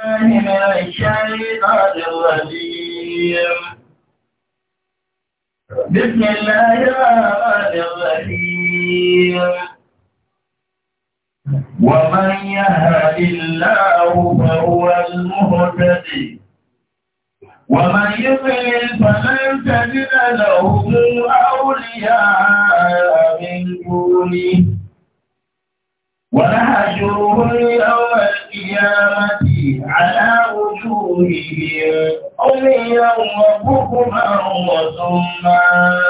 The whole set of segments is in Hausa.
من الشيطان الرجيم بسم الله الرحمن الرحيم ومن يهد الله فهو المهتدي ومن يضلل فلن تجد له اولياء من دونه ونحشرهم يوم القيامه على وجوههم أميا وبكما وصما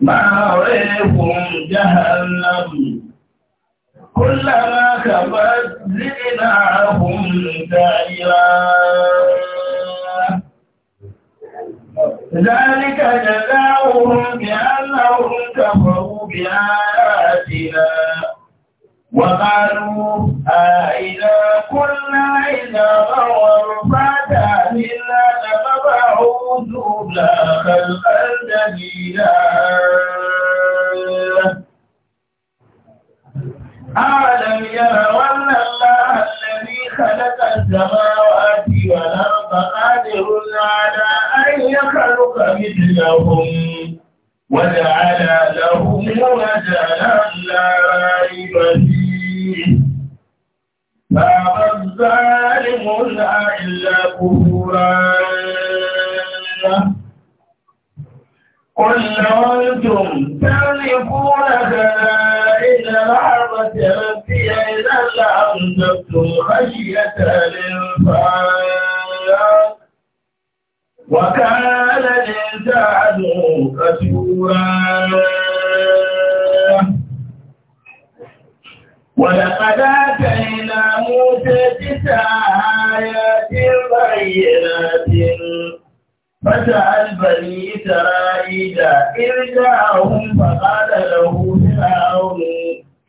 معرفهم جهنم كلما كبت زدناهم سعيرا ذلك جزاؤهم بأنهم كفروا بآياتنا وقالوا أئذا كنا عظاما إلا إنا لمبعوثون خلقا جديدا أعلم يروا أن الله الذي خلق السماوات والأرض قادر على أن يخلق مثلهم وجعل لهم له لا ريب فيه فأبى الظالم الأعلى كفرا قل لو أنتم تعرفون كلائن رحمة ربي إذا لأمسكتم خشية الإنفاق وكان الإنسان كثيرا ولقد آتينا موسى تسع آيات بينات فسأل بني إسرائيل إذ جاءهم فقال له فرعون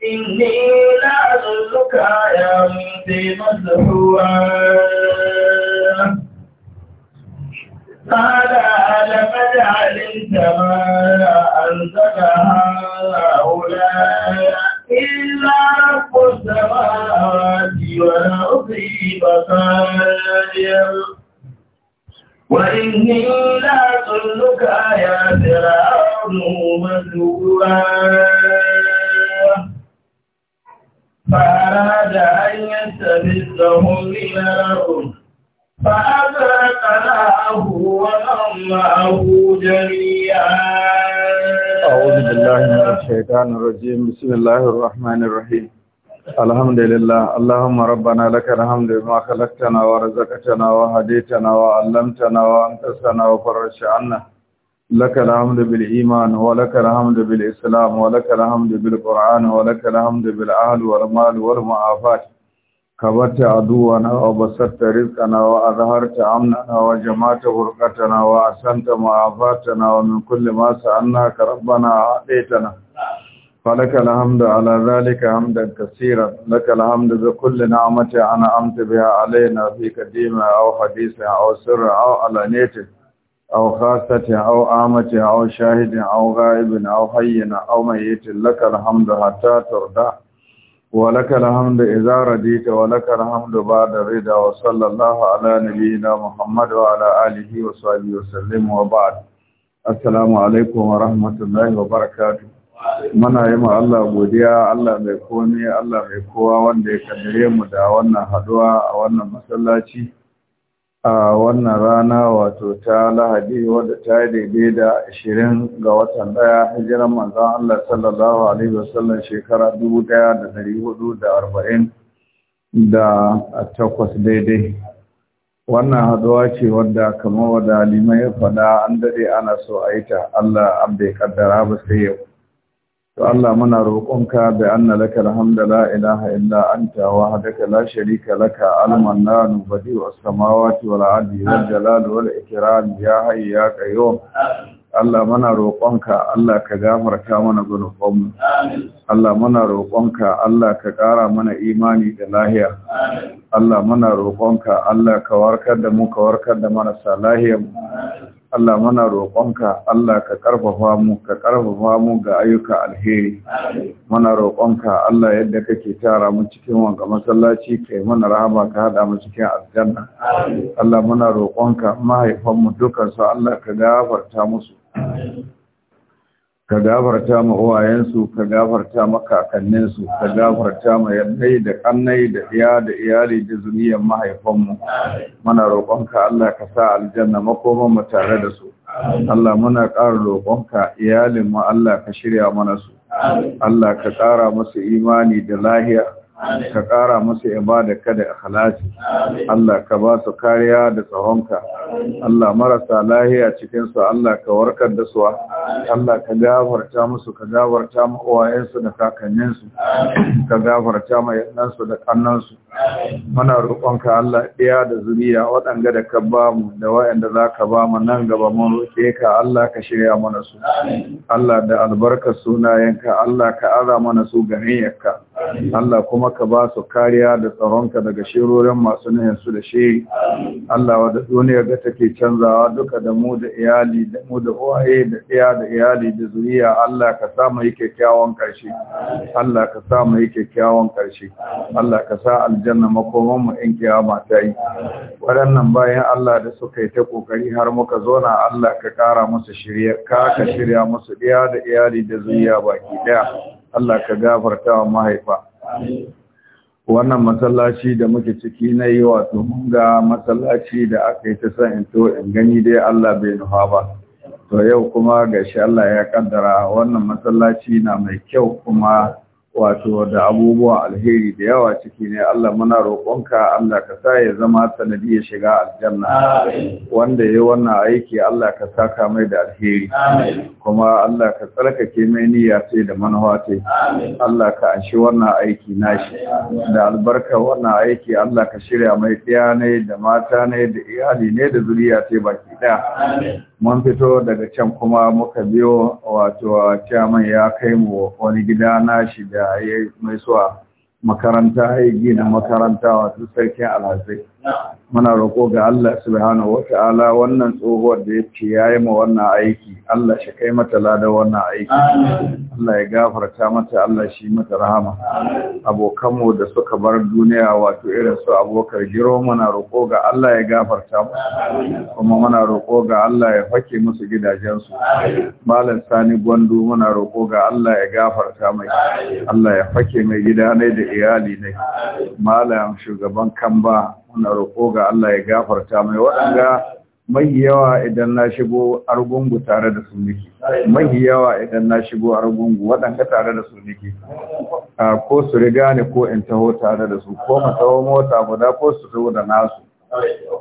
إني لأظنك يا موسى مسحورا قال لقد علمت ما أنزل هؤلاء إلا رب السماوات والأرض بصائر وإني لا ظنك يا فرعون مذلولا فأراد أن يستبدلهم من الأرض فأذاقناه ولمه جميعا أعوذ بالله من الشيطان الرجيم بسم الله الرحمن الرحيم الحمد لله اللهم ربنا لك الحمد بما خلقتنا ورزقتنا وهديتنا وعلمتنا وأنقذتنا وفرجت عنا لك الحمد بالإيمان ولك الحمد بالإسلام ولك الحمد بالقرآن ولك الحمد بالأهل والمال والمعافات كبت عدونا وبسطت رزقنا وأظهرت أمننا وجمعت فرقتنا وأحسنت معافاتنا ومن كل ما سألناك ربنا أعطيتنا فلك الحمد على ذلك حمدا كثيرا لك الحمد بكل نعمة أنعمت بها علينا في قديمة أو حديثة أو سر أو علانية أو خاصة أو عامة أو شاهد أو غائب أو حي أو ميت لك الحمد حتى ترضى ولك الحمد إذا رديت ولك الحمد بعد رضا وصلى الله على نبينا محمد وعلى آله وصحبه وسلم وبعد السلام عليكم ورحمة الله وبركاته من أيما الله بوديا الله بيكوني الله بيكوا وان mai kowa wanda ya kaddare mu da a wannan rana wato ta lahadi wadda ta daidai da ashirin ga watan daya hijiran manzan Allah sallallahu Alaihi wasallam shekara dubu daya da dari hudu da arba'in da takwas daidai wannan haduwa ce wadda kamar wadda liman ya faɗa an daɗe ana so a yi ta Allah an ya kaddara ba sai yau to Allah muna roƙonka da anna laka alhamdu la ilaha illa anta wahdaka la sharika laka al-mannan badi'u as-samawati wal ardi wal jalali wal ikram ya hayy ya qayyum Allah muna roƙonka Allah ka gafarta mana zunubanmu Allah muna roƙonka Allah ka ƙara mana imani da lahiya Allah muna roƙonka Allah ka warkar da mu ka warkar da marasa lahiyarmu Allah muna roƙonka Allah ka ƙarfafa mu ka ƙarfafa mu ga ayyuka alheri muna roƙonka Allah yadda kake tara mu cikin wanga masallaci kai mana rahama ka hada mu cikin aljanna Allah muna roƙonka mahaifan mu dukan Allah ka gafarta musu ka gafarta ma uwayensu ka gafarta ma kakanninsu ka gafarta ma yaddai da kannai da iya da iyali da zuriyar mahaifanmu muna roƙonka Allah ka sa aljanna makoman mu tare da su Allah muna ƙara roƙonka iyalinmu Allah ka shirya mana su Allah ka ƙara musu imani da lahiya ka ƙara musu kada da ikhlasi Allah ka ba su kariya da tsawonka Allah marasa lahiya cikinsu. su Allah ka warkar da su Allah ka gafarta musu ka gafarta mu uwayensu da kakanninsu ka gafarta mu yannansu da kannansu muna roƙonka Allah ɗaya da zuriya waɗanda da ka ba mu da waɗanda za ka ba mu nan gaba mun roƙe ka Allah ka shirya mana su Allah da albarkar sunayenka Allah ka ara mana su yakka. Allah kuma ka ba su kariya da tsaronka daga shirorin masu nuhin su da shiri Allah wa da duniyar da take canzawa duka da mu da iyali da mu da uwaye da tsaya da iyali da zuriya Allah ka sa mu yi kyakkyawan karshe Allah ka sa mu yi kyakkyawan karshe Allah ka sa aljanna makoman mu in kiyama ta yi waɗannan bayan Allah da suka yi ta kokari har muka zo na Allah ka kara musu shirya ka ka shirya musu ɗaya da iyali da zuriya baki ɗaya Allah ka gafarta wa mahaifa wannan masallaci da muke ciki na yi wato ga masallaci da aka yi ta san in to in gani dai Allah bai nufa ba to yau kuma ga shi Allah ya kaddara wannan masallaci na mai kyau kuma wato da abubuwa alheri da yawa ciki ne Allah muna roƙonka Allah ka sa ya zama sanadi ya shiga aljanna wanda ya wannan aiki Allah ka saka mai da alheri kuma Allah ka tsarkake mai niyya ce da manhawa ce Allah ka anshi wannan aiki nashi da albarka wannan aiki Allah ka shirya mai ɗaya ne da mata ne da iyali ne da zuriya ce baki ɗaya mun fito daga can kuma muka biyo wato chairman ya kai mu wani gida nashi da ya mai suwa makaranta ya gina makaranta wato sarkin alhazai muna roƙo ga Allah subhanahu wata'ala wannan tsohuwar da ya ce ya yi ma wannan aiki Allah shi kai mata lada wannan aiki Allah ya gafarta mata Allah shi mata rahama abokanmu da suka bar duniya wato irin su abokar giro muna roƙo ga Allah ya gafarta mu. kuma muna roƙo ga Allah ya fake musu gidajensu malam sani gwandu muna roƙo ga Allah ya gafarta mai Allah ya fake mai gida da iyali ne malam shugaban kamba muna roƙo ga Allah ya gafarta mai waɗanda mai yawa idan na shigo argungu tare da su niki mai yawa idan na shigo argungu waɗanda tare da su niki ko su riga ne ko in taho tare da su ko mu mota guda ko su taho da nasu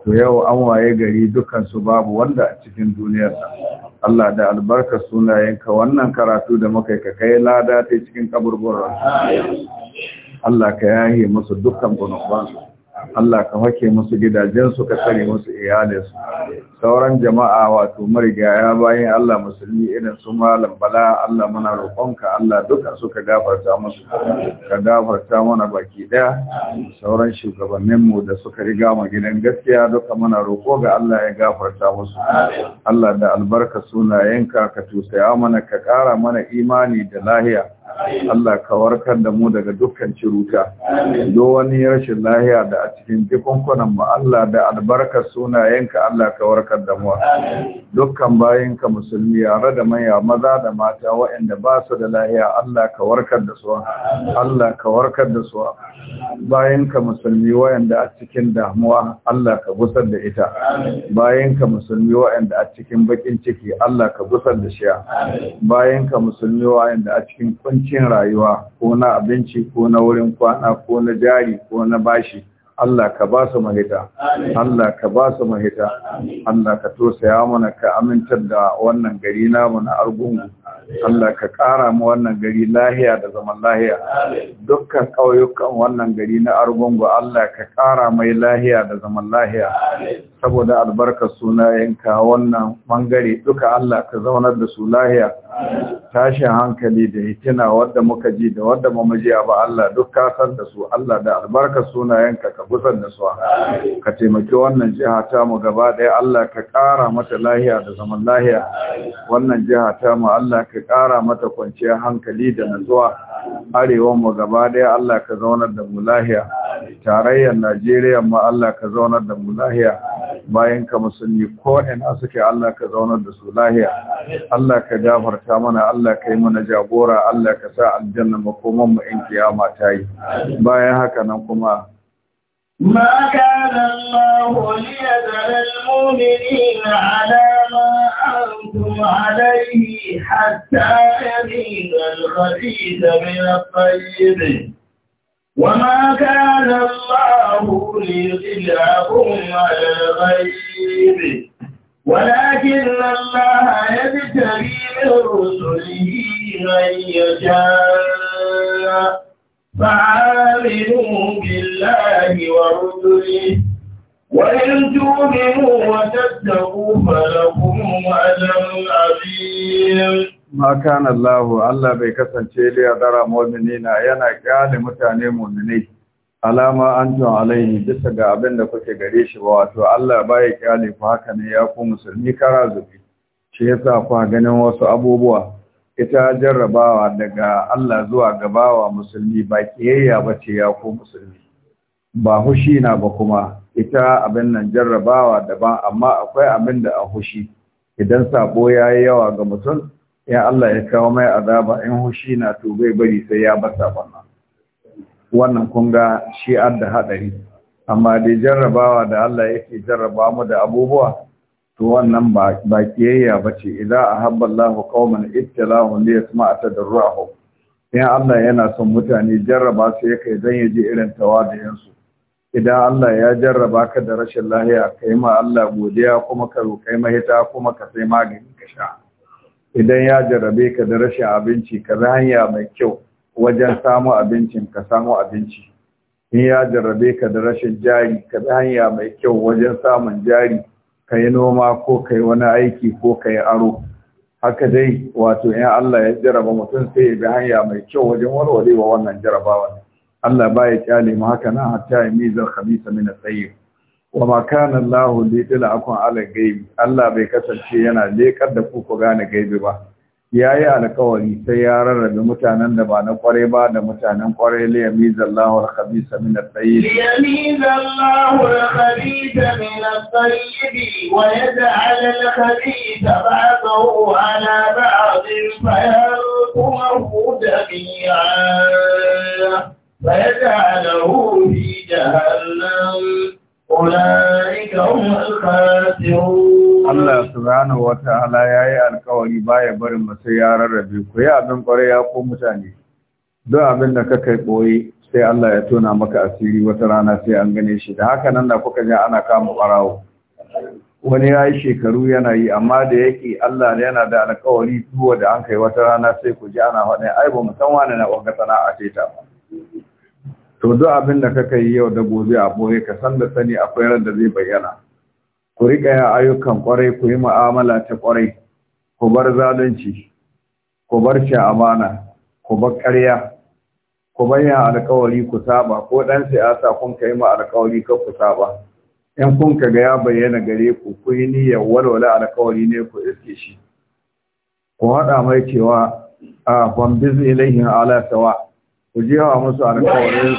to yau an waye gari dukkan su babu wanda a cikin duniyar Allah da albarka sunayenka wannan karatu da muka ka kai lada ta cikin kaburburan Allah ka yahe musu dukkan gunubansu Allah ka hake musu gidajensu ka tsare musu iyalinsu sauran jama'a wato marigaya bayan Allah musulmi irin su malam bala Allah muna roƙonka Allah duka suka gafarta musu ka gafarta mana baki daya sauran shugabanninmu da suka riga mu gidan gaskiya duka muna roƙo ga Allah ya gafarta musu Allah da albarka sunayenka ka tusaya mana ka ƙara mana imani da lahiya Allah ka warkar da mu daga dukkan ciruta do wani rashin lahiya da a cikin jikunkunan mu Allah da albarkar sunayenka Allah ka warkar da mu dukkan bayinka musulmi yare da maya maza da mata waɗanda ba su da lahiya Allah ka warkar da su Allah ka warkar da su bayinka musulmi waɗanda a cikin damuwa Allah ka gusar da ita bayinka musulmi waɗanda a cikin bakin ciki Allah ka gusar da shi bayinka musulmi waɗanda a cikin kunci kuncin rayuwa ko na abinci ko na wurin kwana ko na jari ko na bashi Allah ka ba su mahita Allah ka ba su mahita Allah ka ya mana ka amintar da wannan gari namu na argungu Allah ka ƙara mu wannan gari lahiya da zaman lahiya dukkan ƙauyukan wannan gari na argungu Allah ka ƙara mai lahiya da zaman lahiya saboda albarkar sunayenka wannan bangare duka Allah ka zaunar da su lahiya tashin hankali da hitina wadda muka ji da wadda mamu ji ba Allah duk ka san da su Allah da albarkar sunayenka ka gusar da su ka taimaki wannan jiha ta mu gaba ɗaya Allah ka ƙara mata lahiya da zaman lahiya wannan jiha ta mu Allah ka ka ƙara mata kwanciyar hankali da nutsuwa arewan mu gaba ɗaya Allah ka zaunar da mu lahiya tarayyar Najeriya ma Allah ka zaunar da mu lahiya bayan ka musulmi ko ina suke Allah ka zaunar da su lahiya Allah ka gafarta mana Allah ka yi mana jagora Allah ka sa aljanna makoman mu in kiyama ta yi bayan haka nan kuma ما كان الله ليذر المؤمنين على ما أنتم عليه حتى يميز الخبيث من الطيب وما كان الله ليطلعكم على الغيب ولكن الله يبتغي من رسله من يشاء فعاملوا بالله ورسله وإن تؤمنوا وتتقوا فلكم أجر عظيم ma kana Allah Allah bai kasance li yadara na yana kyale mutane mu'minai alama antum alaihi bisa ga abin da kuke gare shi ba wato Allah baya kyale ku haka ne ya ku musulmi kara zubi shi yasa ku ganin wasu abubuwa ita jarrabawa daga Allah zuwa gabawa musulmi ba kiyayya ba ce ya ku musulmi ba hushi na ba kuma ita abin nan jarrabawa daban amma akwai abin da a hushi idan sabo ya yi yawa ga mutum ya Allah ya kawo mai azaba in hushi na to bai bari sai ya basa wannan wannan kun ga shi da hadari amma dai jarrabawa da Allah yake jarraba mu da abubuwa to wannan ba kiyayya ba ce idza ahabba Allahu qauman ibtalahu li yasma'a tadarruhum in Allah yana son mutane jarraba su yake dan ya irin irin da su idan Allah ya jarraba ka da rashin lahiya kai ma Allah godiya kuma ka roƙai mahita kuma ka sai magani ka sha idan ya jarrabe ka da rashin abinci ka hanya mai kyau wajen samu abincin ka samu abinci in ya jarrabe ka da rashin jari ka hanya mai kyau wajen samun jari ka yi noma ko ka yi wani aiki ko ka yi aro haka dai wato 'yan Allah ya jaraba mutum sai ya bi hanya mai kyau wajen wa wannan jarabawa Allah ba ya kyale mu haka nan hatta ya mizar khabisa min at-tayyib wa ma kana Allah li tila akun ala gaibi Allah bai kasance yana lekar da ku gane gaibi ba yayi alƙawari sai ya rarrabe mutanen da ba na kwarai ba da mutanen kwarai li yami zallahu al-khabisa min at-tayyib li yami zallahu al-khabisa min at-tayyib wa yaj'al al-khabisa ba'dahu ala ba'din fa yanquhu jami'an fa yaj'aluhu fi jahannam Allah أولئك هم الخاسرون الله سبحانه وتعالى masu القوري باي ku yi abin kwarai ya ko mutane don abin da kakai ɓoye, sai Allah ya tona maka asiri wata rana sai an gane shi da haka nan da kuka ja ana kama barawo wani ya yi shekaru yana yi amma da yake Allah yana da alkawari zuwa da an kai wata rana sai ku ji ana faɗin ai musamman na ɓanga a ce to duk abin da kaka yi yau da gobe a boye ka san da sani akwai ran da zai bayyana ku riƙa yin ayyukan ƙwarai ku yi mu'amala ta ƙwarai ku bar zalunci ku bar shi amana ku bar ƙarya ku bayyana alƙawari ku saba ko ɗan siyasa kun kai ma alƙawari ka ku saba in kun ka ga ya bayyana gare ku ku yi niyyar walwala alƙawari ne ku iske shi ku haɗa mai cewa a ah, kwambiz ilaihin ala sawa ku je wa musu alƙawarin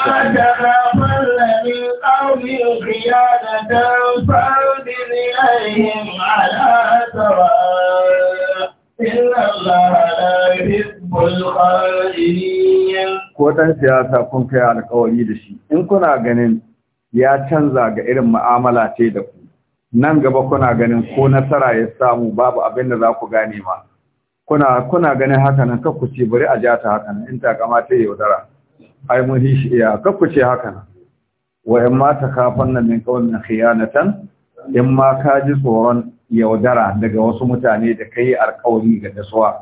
su ko ɗan siyasa kun kai alƙawari da shi in kuna ganin ya canza ga irin mu'amala ce da ku nan gaba kuna ganin ko nasara ya samu babu abin da za ku gane ma kuna kuna ganin haka nan kakku ce bari a jata hakanan, haka nan in ta kama ta yaudara ai mun shi iya kakku ce haka nan wa in ma ta kafan nan min kawai na khiyanatan in ma ka ji tsoron yaudara daga wasu mutane da ka yi alkawari ga dasuwa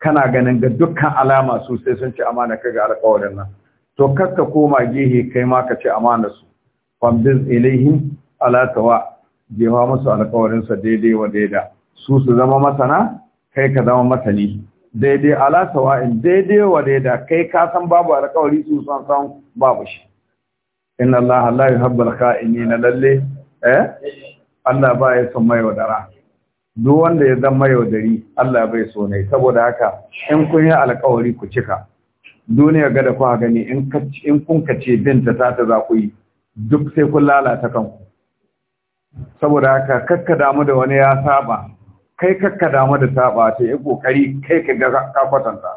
kana ganin ga dukkan alama su sun ci amana ka ga alkawarin nan to kakka koma gehe kai ma ka ci amana su this ilaihim ala tawa jewa musu alkawarin sa daidai wa daida su su zama masana kai ka zama masani daidai ala sawa'in daidai wa daida kai ka san babu alƙawari su san san babu shi inna allaha la yuhibbul kha'inina lalle eh Allah ba ya son mayaudara duk wanda ya zama mayaudari Allah bai so ne saboda haka in kun yi alƙawari ku cika duniya ga da gani in in kun kace binta ta ta za ku yi duk sai kun lalata kanku saboda haka kakka damu da wani ya saba kai kakka damu da saba ta yi kokari kai ka ga kafatanta.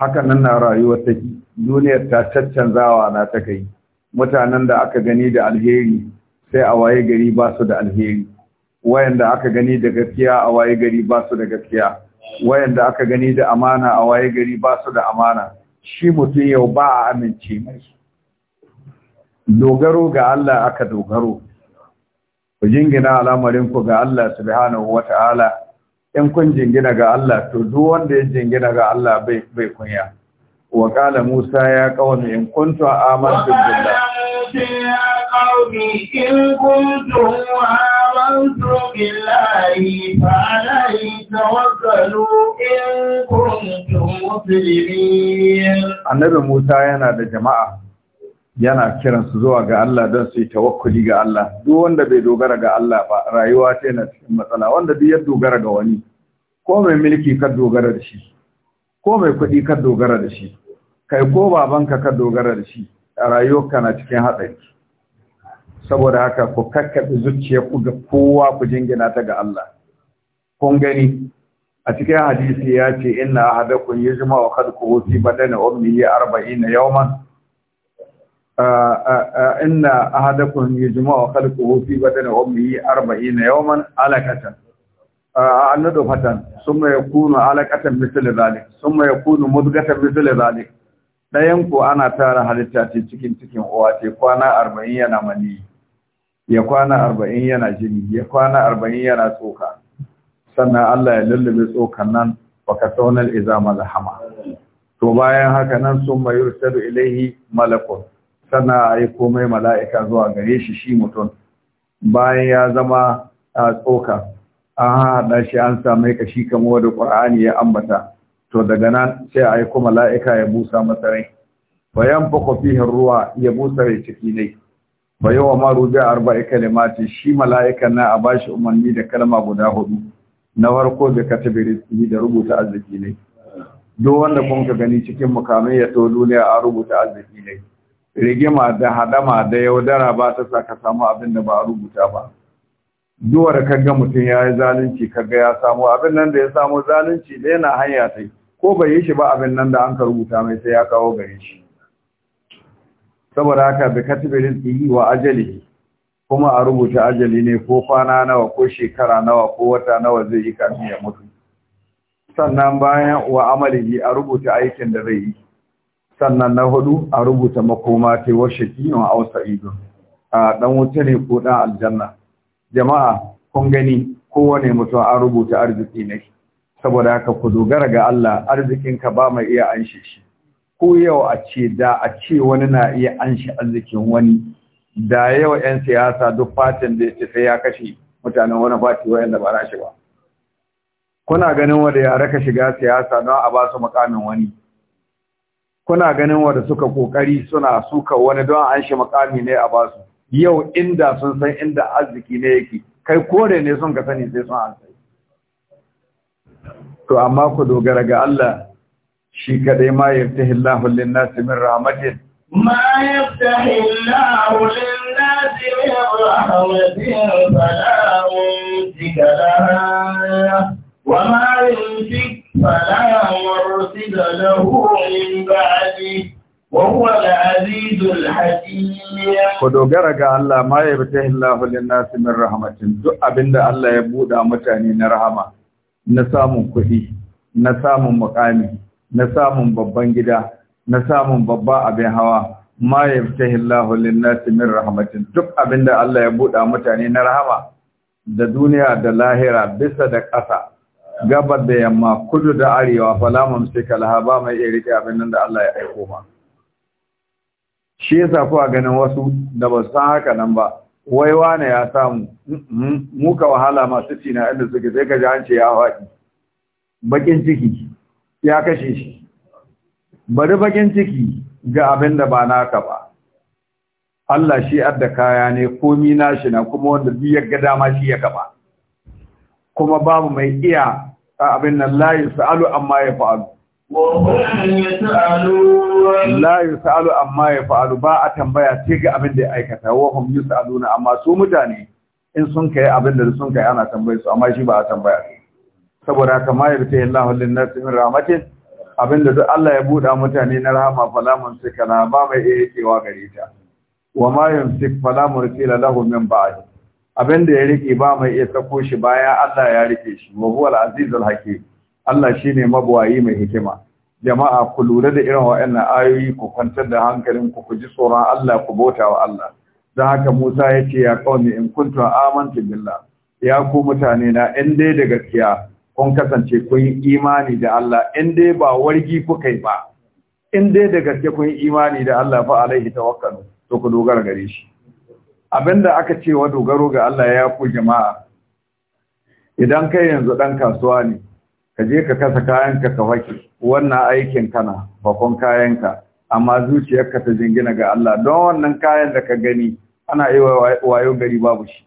haka nan na rayuwar yi duniyar ta caccanzawa na ta kai mutanen da aka gani da alheri sai a waye gari ba su da alheri wayanda aka gani da gaskiya a waye gari ba su da gaskiya wayanda aka gani da amana a waye gari ba su da amana shi mutum yau ba a amince mai dogaro ga Allah aka dogaro ku jingina al'amarin ku ga Allah subhanahu wata'ala in kun jingina ga Allah to duk wanda ya jingina ga Allah bai bai kunya wa qala Musa ya qaumi in kuntum amantum billah ya qaumi in kuntum amantum billahi fa alayhi tawakkalu in kuntum muslimin annabi Musa yana da jama'a yana kiransu zuwa ga Allah don su yi tawakkuli ga Allah duk wanda bai dogara ga Allah ba rayuwa ta yana cikin matsala wanda duk ya dogara ga wani ko mai mulki ka dogara da shi ko mai kuɗi ka dogara da shi kai ko babanka ka dogara da shi a rayuwarka na cikin haɗari saboda haka ku kakkaɓe zuciya ku ga kowa ku jingina ta ga Allah kun gani a cikin hadisi ya ce inna ahadakum yajma'u khalquhu fi badani ummihi 40 yawman inna ahadakum yujma'u khalquhu fi badani ummihi 40 yawman alaqatan annadu fatan summa yakunu alaqatan mithla zalik summa yakunu mudghatan mithla zalik dayan ku ana tara halitta ce cikin cikin uwa ce kwana 40 yana mani ya kwana 40 yana jini ya kwana 40 yana tsoka sannan Allah ya lullube tsokan nan wa kasawnal izama lahama to bayan haka nan sun summa yursalu ilayhi malakun Tana yi komai mala'ika zuwa gare shi shi mutum bayan ya zama a tsoka an haɗa shi an samai kashi kamar wadda ƙwar'ani ya ambata to daga nan sai a yi kuma mala'ika ya busa masa bayan bako fihin ruwa ya busa rai ciki ne bayan wa maru da arba'i mace shi mala'ikan na a bashi umarni da kalma guda hudu na farko da katabiri da rubuta arziki ne duk wanda kun ka gani cikin mukamai ya to duniya a rubuta arziki ne rigima da hadama da yaudara ba ta sa ka samu abin da ba a rubuta ba duwar ga mutum ya yi zalunci ga ya samu abin nan da ya samu zalunci da yana hanya ta ko bai yi shi ba abin nan da an ka rubuta mai sai ya kawo gare shi saboda haka bi katibirin yi wa ajali kuma a rubuta ajali ne ko kwana nawa ko shekara nawa ko wata nawa zai yi kafin ya mutu sannan bayan wa amalihi a rubuta aikin da zai yi sannan na hudu a rubuta makoma ta wa a a dan wuta ne ko dan aljanna jama'a kun gani kowane mutum an rubuta arziki ne saboda haka ku dogara ga Allah arzikinka ba mai iya an shi ko yau a ce da a ce wani na iya shi arzikin wani da yau 'yan siyasa duk fatin da ya sai ya kashe mutanen wani fati wayanda ba na shi ba kuna ganin wanda ya raka shiga siyasa don a ba su makamin wani kuna ganin wanda suka kokari suna suka wani don an shi makami ne a basu yau inda sun san inda arziki ne yake kai kore ne sun ka sani sai sun an to amma ku dogara ga Allah shi kadai ma yaftahi Allahu lin-nasi min rahmatin ma yaftahi Allahu lin-nasi min rahmatin fala mumsika wa ma yumsik فلا مرسل له من بعده وهو العزيز الحكيم ku dogara ga Allah ma ya bata hillahu linnas min rahmatin duk abinda Allah ya buɗa mutane na rahama na samun kuɗi na samun mukami na samun babban gida na samun babba abin hawa ma ya bata hillahu linnas min rahmatin duk abinda Allah ya buɗa mutane na rahama da duniya da lahira bisa da ƙasa gabar da yamma kudu da arewa falamun mamsika laha ba mai iya rike abin nan da Allah ya aiko ma shi yasa ko ganin wasu da ba san haka nan ba wai wane ya samu mu ka wahala masu cina inda suke sai ka ji an ce ya haɗi bakin ciki ya kashe shi bari bakin ciki ga abin da ba naka ba Allah shi adda kaya ne komi nashi na kuma wanda duk ya ga dama shi ya kaba kuma babu mai iya abin nan layi sa’alu amma ya fa'alu Layi sa’alu amma ya fa'alu ba a tambaya ce ga abin da ya aikata wa sa’alu na amma su mutane in sun kai abin da sun kai ana tambaya su amma shi ba a tambaya saboda haka ma fita yin lahulin na min rahmatin abin da duk Allah ya buɗa mutane na rahama falamun mumsika kana ba mai iya yakewa gare ta wa ma yumsik fala mursila lalahu min ba'd abin da ya rike ba mai iya sako shi baya Allah ya rike shi wa huwa al-azizul hakim Allah shine mabuwayi mai hikima jama'a ku lura da irin wa'annan ayoyi ku kwantar da hankalin ku ku ji tsoron Allah ku bauta wa Allah dan haka Musa ya ce ya kauni in kuntu amantu billah ya ku mutane na in dai da gaskiya kun kasance kun yi imani da Allah in dai ba wargi kuka yi ba in dai da gaske kun yi imani da Allah fa alaihi tawakkalu to ku dogara gare shi abinda aka ce wa dogaro ga Allah ya ku jama'a idan kai yanzu dan kasuwa ne ka je ka kasa kayanka ka fake wannan aikin kana bakon kayanka amma zuciyarka ta jingina ga Allah don wannan kayan da ka gani ana yi wayo gari babu shi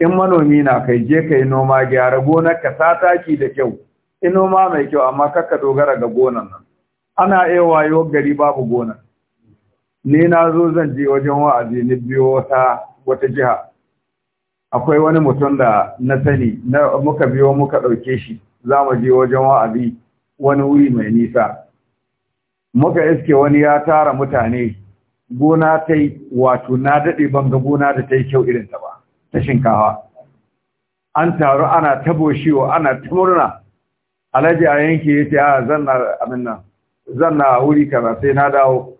in manomi na kai je kai noma gyara gonarka ta taki da kyau in noma mai kyau amma kakka dogara ga gonar. nan ana iya wayo gari babu gonar. ni na zo zan je wajen wa'azi ni biyo wata wata jiha akwai wani mutum da na sani na muka biyo muka ɗauke shi za mu je wajen wa'azi wani wuri mai nisa muka iske wani ya tara mutane gona ta yi wato na daɗe ban ga gona da ta yi kyau irin ta ba ta shinkawa an taru ana tabo shiwa ana ta murna alhaji a yanki ya ce a zanna abin nan zanna wuri kaza sai na dawo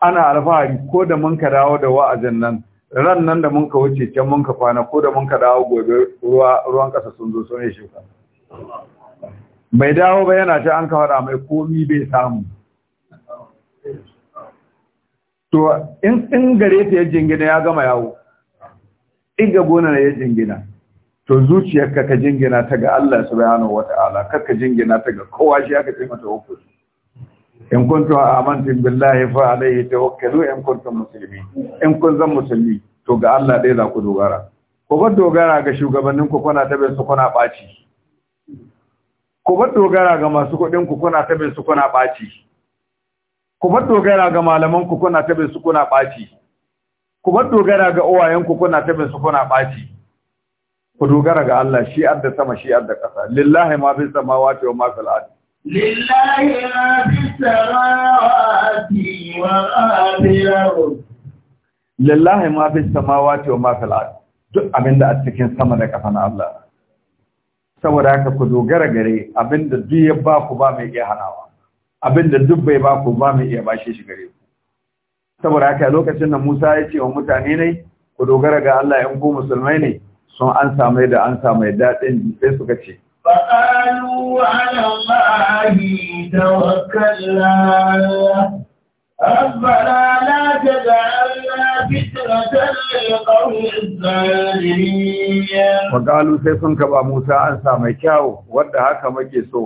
ana alfahari ko da mun ka dawo da wa'azin nan ran nan da mun ka wuce can mun ka kwana ko da mun ka dawo gobe ruwan ƙasa sun zo sun yi shuka bai dawo ba yana ta an ka kawara mai komi bai samu to in in gare ta ya jingina ya gama yawo in ga gona ya jingina to zuciyarka ka jingina ta ga Allah subhanahu wata'ala ka jingina ta ga kowa shi aka ce mata hukunci in a amantum billahi fa alayhi tawakkalu in kuntum muslimin in kun zan musulmi to ga Allah dai za ku dogara ku bar dogara ga shugabannin ku kuna tabe su kuna baci ku bar dogara ga masu kuɗin ku kuna tabe su kuna baci ku bar dogara ga malaman ku kuna tabe su kuna baci ku bar dogara ga uwayen ku kuna tabe su kuna baci ku dogara ga Allah shi adda sama shi adda ƙasa lillahi ma fi samawati wa ma fil ardi lillahi ma fi samawati wa ma fil ard duk abinda a cikin sama da kafa na Allah saboda haka ku dogara gare abinda duk ya ba ku ba mai iya hanawa abinda duk bai ba ku ba mai iya bashe shi gare ku saboda haka lokacin da Musa ya ce wa mutane ne ku dogara ga Allah in ku musulmai ne sun an samu da an samu daɗin sai suka ce فقالوا على الله توكلنا ربنا لا تجعلنا فتنة للقوم الظالمين وقالوا sai sun kaba Musa an samu kyau Wadda haka muke so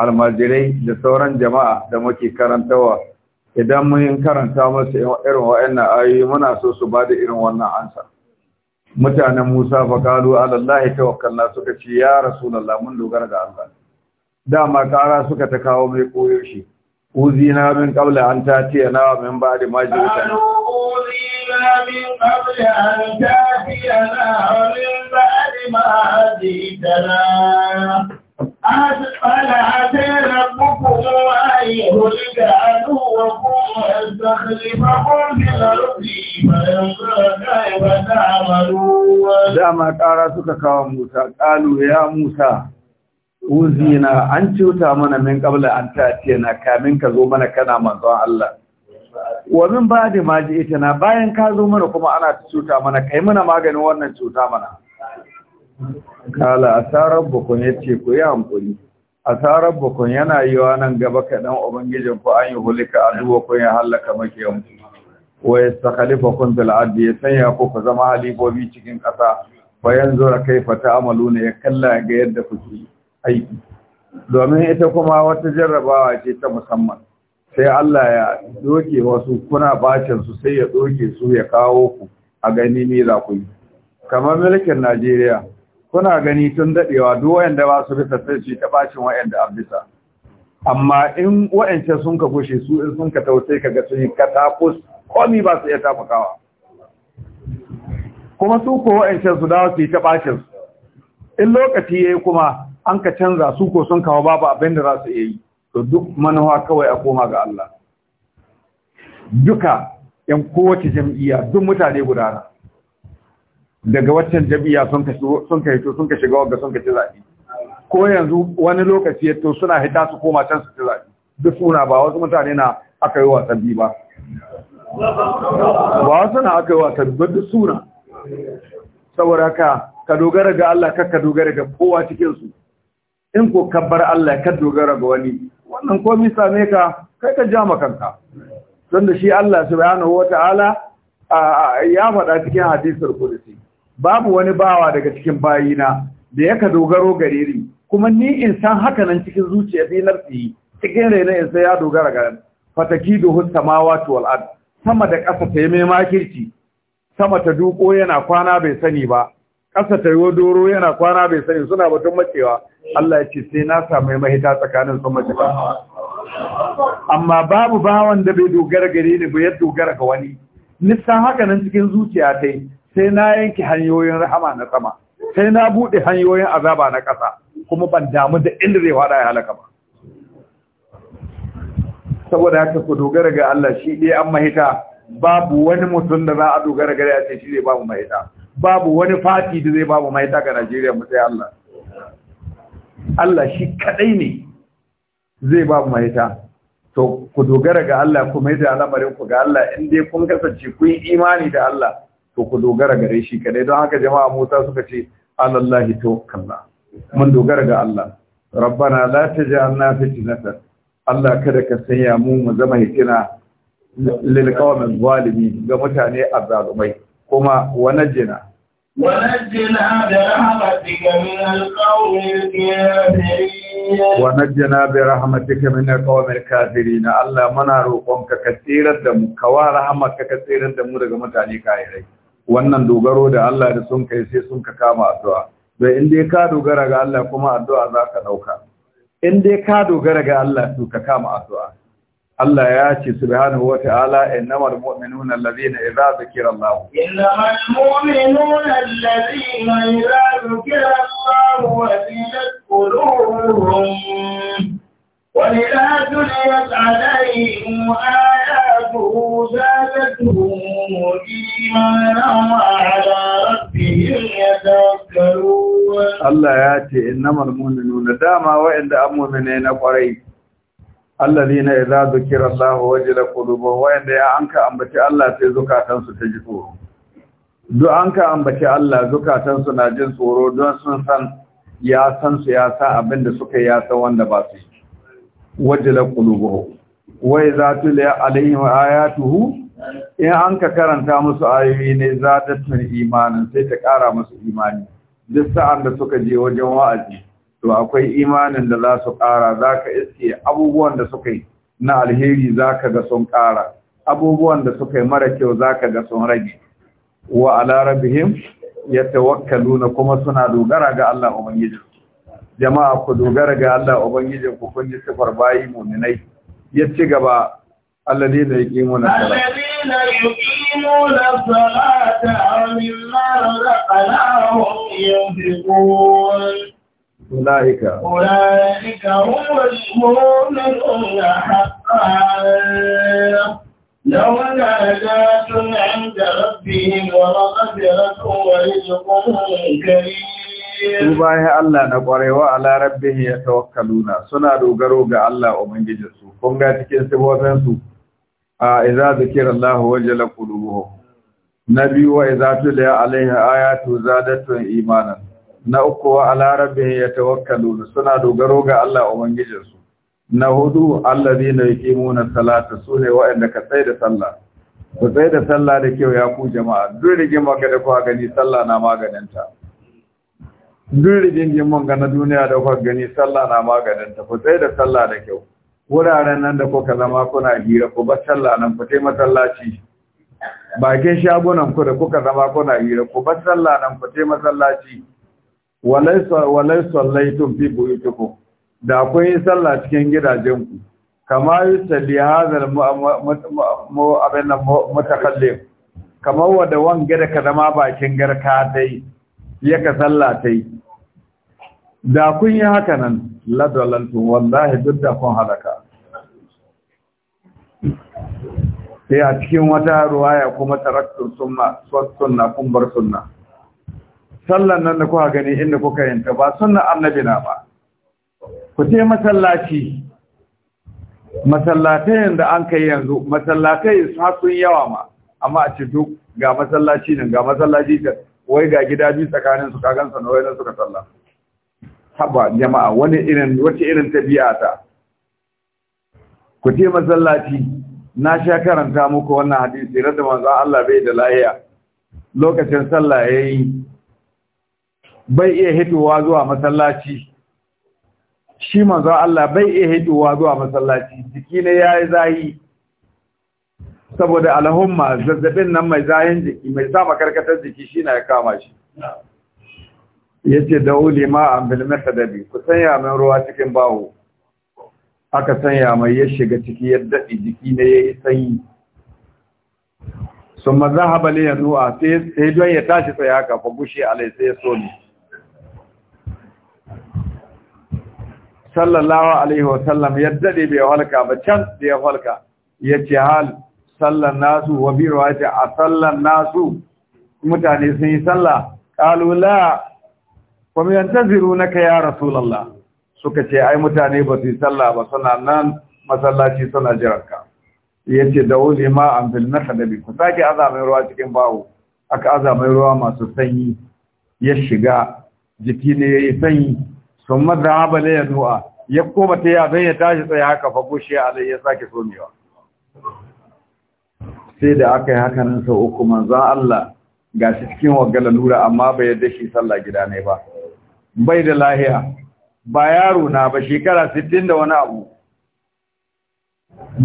almajirai da sauran jama'a da muke karantawa idan mun karanta masu irin wa'annan ayoyi muna so su ba da irin wannan ansa mutanen Musa fa qalu ala Allah tawakkalna suka ce ya rasulullah mun dogara ga Allah dama kara suka ta kawo mai koyo shi uzina min qabla an tatiya na min ba'di ma uzina min qabla an na min ba'di ma ji'tana dama عسى suka kawo يهلك عدوكم ويستخلفكم في uzina an cuta mana min ƙabla an tace na kamin ka zo mana kana manzon Allah wa min da ma ita na bayan ka zo mana kuma ana cuta mana kai mana maganin wannan cuta mana kala asarar bukun ya ce ku yi hankuli asarar bukun yana yi wa nan gaba kaɗan ubangijin ku an yi hulika a duwa kun ya hallaka makiyan wa ya Khalifa kun bil'addi ya sanya ku ku zama halifobi cikin ƙasa bayan zura kai fata amalu ne ya kalla ga yadda kuke aiki domin ita kuma wata jarrabawa ce ta musamman sai Allah ya doke wasu kuna bacin su sai ya doke su ya kawo ku a gani ni za ku yi kamar mulkin Najeriya kuna gani tun daɗewa duk wayanda ba su bisa sai shi ta bacin wayanda a bisa amma in wayance sun ka gushe su in sun ka tausai ka ga sun yi katakus komi ba su iya tafakawa kuma su ko wayance su dawo su yi ta bacin in lokaci yayi kuma an ka canza su ko sun kawo babu abin da za su iya yi to duk manuwa kawai a koma ga Allah duka yan kowace jam'iyya duk mutane gudana daga waccan jami'a sun ka hito sun ka shiga wadda sun ka ci zaɓe ko yanzu wani lokaci ya to suna hita su koma can su ci zaɓe duk suna ba wasu mutane na aka yi wasan bi ba ba wasu na aka yi wasan ba duk suna saboda ka ka dogara ga Allah ka ka dogara ga kowa cikinsu in ko ka bar Allah ka dogara ga wani wannan komi same ka kai ka jama kanka don da shi Allah subhanahu wata'ala ya faɗa cikin hadisar kudusi babu wani bawa daga cikin bayina da yaka dogaro gare ni kuma ni in san haka nan cikin zuciya bi nafsi cikin raina in sai ya dogara ga fataki duhu samawati wal ard sama da ƙasa ta yi makirci sama ta duko yana kwana bai sani ba kasa ta yo doro yana kwana bai sani suna batun macewa Allah ya ce sai na samu mahita tsakanin sun da amma babu bawan da bai dogara gare ni ba dogara ga wani nisan haka nan cikin zuciya tai sai na yanke hanyoyin rahama na sama sai na bude hanyoyin azaba na ƙasa kuma ban damu da inda zai waɗa ya halaka ba saboda haka ku dogara ga Allah shi dai an mahita babu wani mutum da za a dogara ga a ce shi zai babu mahita babu wani fati da zai babu mahita ga Najeriya mu sai Allah Allah shi kadai ne zai babu mahita to ku dogara ga Allah ku mai da al'amarin ku ga Allah in dai kun kasance kun imani da Allah to ku dogara gare shi kadai don haka jama'a Musa suka ce alallahi tawakkalna mun dogara ga Allah rabbana la taj'alna fitnata Allah kada ka sanya mu mu zama hikina lil qawmi zalimi ga mutane azzalumai kuma wanajina ونجنا برحمتك من القوم الكافرين الله منا روقك كثيرا دم كوا رحمتك كثيرا دم daga mutane kafirai wannan dogaro da Allah da sun kai sai sun ka kama addu'a don in dai ka dogara ga Allah kuma addu'a za ka ɗauka in dai ka dogara ga Allah to ka kama addu'a Allah ya ce subhanahu wa ta'ala innamal mu'minuna allazina idza zikira Allah innamal mu'minuna allazina idza zikira Allah wa qulubuhum وإذا تليت عليهم آياته زادتهم إيمانا وعلى ربهم يتوكلون الله ياتي إنما المؤمنون داما وإن المؤمنين قريب الذين إذا ذكر الله وجل قلوبهم وإن أنك sai الله في زكاة tsoro. Do an ka ambaci Allah zukatansu na jin tsoro don sun san ya san su ya sa abin da suka ya san wanda ba su yi wajalar ƙulubahu wai za tu alayhim ayatuhu in an ka karanta musu ayoyi ne za ta tuni imanin sai ta ƙara musu imani duk sa'an da suka je wajen wa'azi to akwai imanin da za su ƙara za ka iske abubuwan da suka yi na alheri za ka ga sun ƙara abubuwan da suka yi mara kyau za ka ga sun rage wa ala rabbihim yatawakkaluna kuma suna dogara ga Allah ubangiji jama'a ku dogara ga Allah ubangijin ku kun ji sifar bayi mu'minai ya ci gaba alladina yuqimuna salata alladina yuqimuna salata mimma razaqnahum yunfiqun ulaika ulaika لو نجاة عند ربهم ومغفرة ورزق كريم su bayan Allah na ƙwarewa a larabin ya tawakkaluna suna dogaro ga Allah Ubangijinsu, kun ga cikin sifofinsu a iza zikir Allah waje la kulubuhu. Na biyu wa iza ya alaihi ayatu zadatun imanan. Na uku wa a larabin ya tawakkaluna suna dogaro ga Allah mangijinsu. Na hudu Allah zai na yi salata su ne waɗanda ka tsaye da sallah. Ku tsaye da sallah da kyau ya ku jama'a, duk rigima ga da kuwa gani sallah na maganinta. duk rigingin mun na duniya da kuka gani sallah na maganin ta ku tsaye da sallah da kyau wuraren nan da kuka zama kuna hira ku ba sallah nan ku taimaka sallaci bakin shagunan ku da kuka zama kuna hira ku ba sallah nan ku taimaka sallaci walai walaysa tun fi buyutikum da kun yi sallah cikin gidajen ku kama yi salli hazar mu abin nan mutakallim kamar wadda wanga da ka zama bakin garka dai yaka sallah ta yi. da kun yi haka nan ladalantu wallahi duk da kun halaka sai a cikin wata ruwaya kuma taraktun sunna sunna kun bar sunna sallan nan da kuka gani inda kuka yinta ba sunna annabi na ba ku ce masallaci masallatai da an kai yanzu masallatai sun yawa ma amma a ce duk ga masallaci nan ga masallaci wai ga gida biyu tsakanin su kagan sanawai na suka sallah haba jama'a wani irin wace irin tabi'a ta ku je masallaci na sha karanta muku wannan hadisi radda manzo Allah bai da lahiya lokacin sallah yayi bai iya hitowa zuwa masallaci shi manzo Allah bai iya hitowa zuwa masallaci jiki ne yayi zahi saboda alhumma zazzabin nan mai zahin jiki mai sa makarkatar jiki shi na ya kama shi yace da ma an bil masadabi ku sanya mai ruwa cikin bawo aka sanya mai ya shiga ciki ya dadi jiki ne yayi sanyi summa zahaba li yanua sai sai don ya tashi tsaya ka fa gushi alai sai ya soni sallallahu alaihi wa sallam ya dadi bai halka ba can sai ya halka yace hal sallan nasu wa bi ruwa a sallan nasu mutane sun yi sallah qalu la kuma mai yantaziru na ka ya rasulallah suka ce ai mutane ba su yi sallah ba suna nan masallaci suna ka. ya ce da wuli ma an fil mahadabi ku sake azamai ruwa cikin bawo aka azamai ruwa masu sanyi ya shiga jiki ne ya yi sanyi sun maza abale ya nu'a ya koma ta ya ya tashi tsaye haka fa bushe alai ya sake somewa sai da aka yi hakanin sau uku manzan Allah ga shi cikin wagga lura amma bai yadda shi sallah gida ne ba bai da lahiya ba yaro na ba shekara sittin da wani abu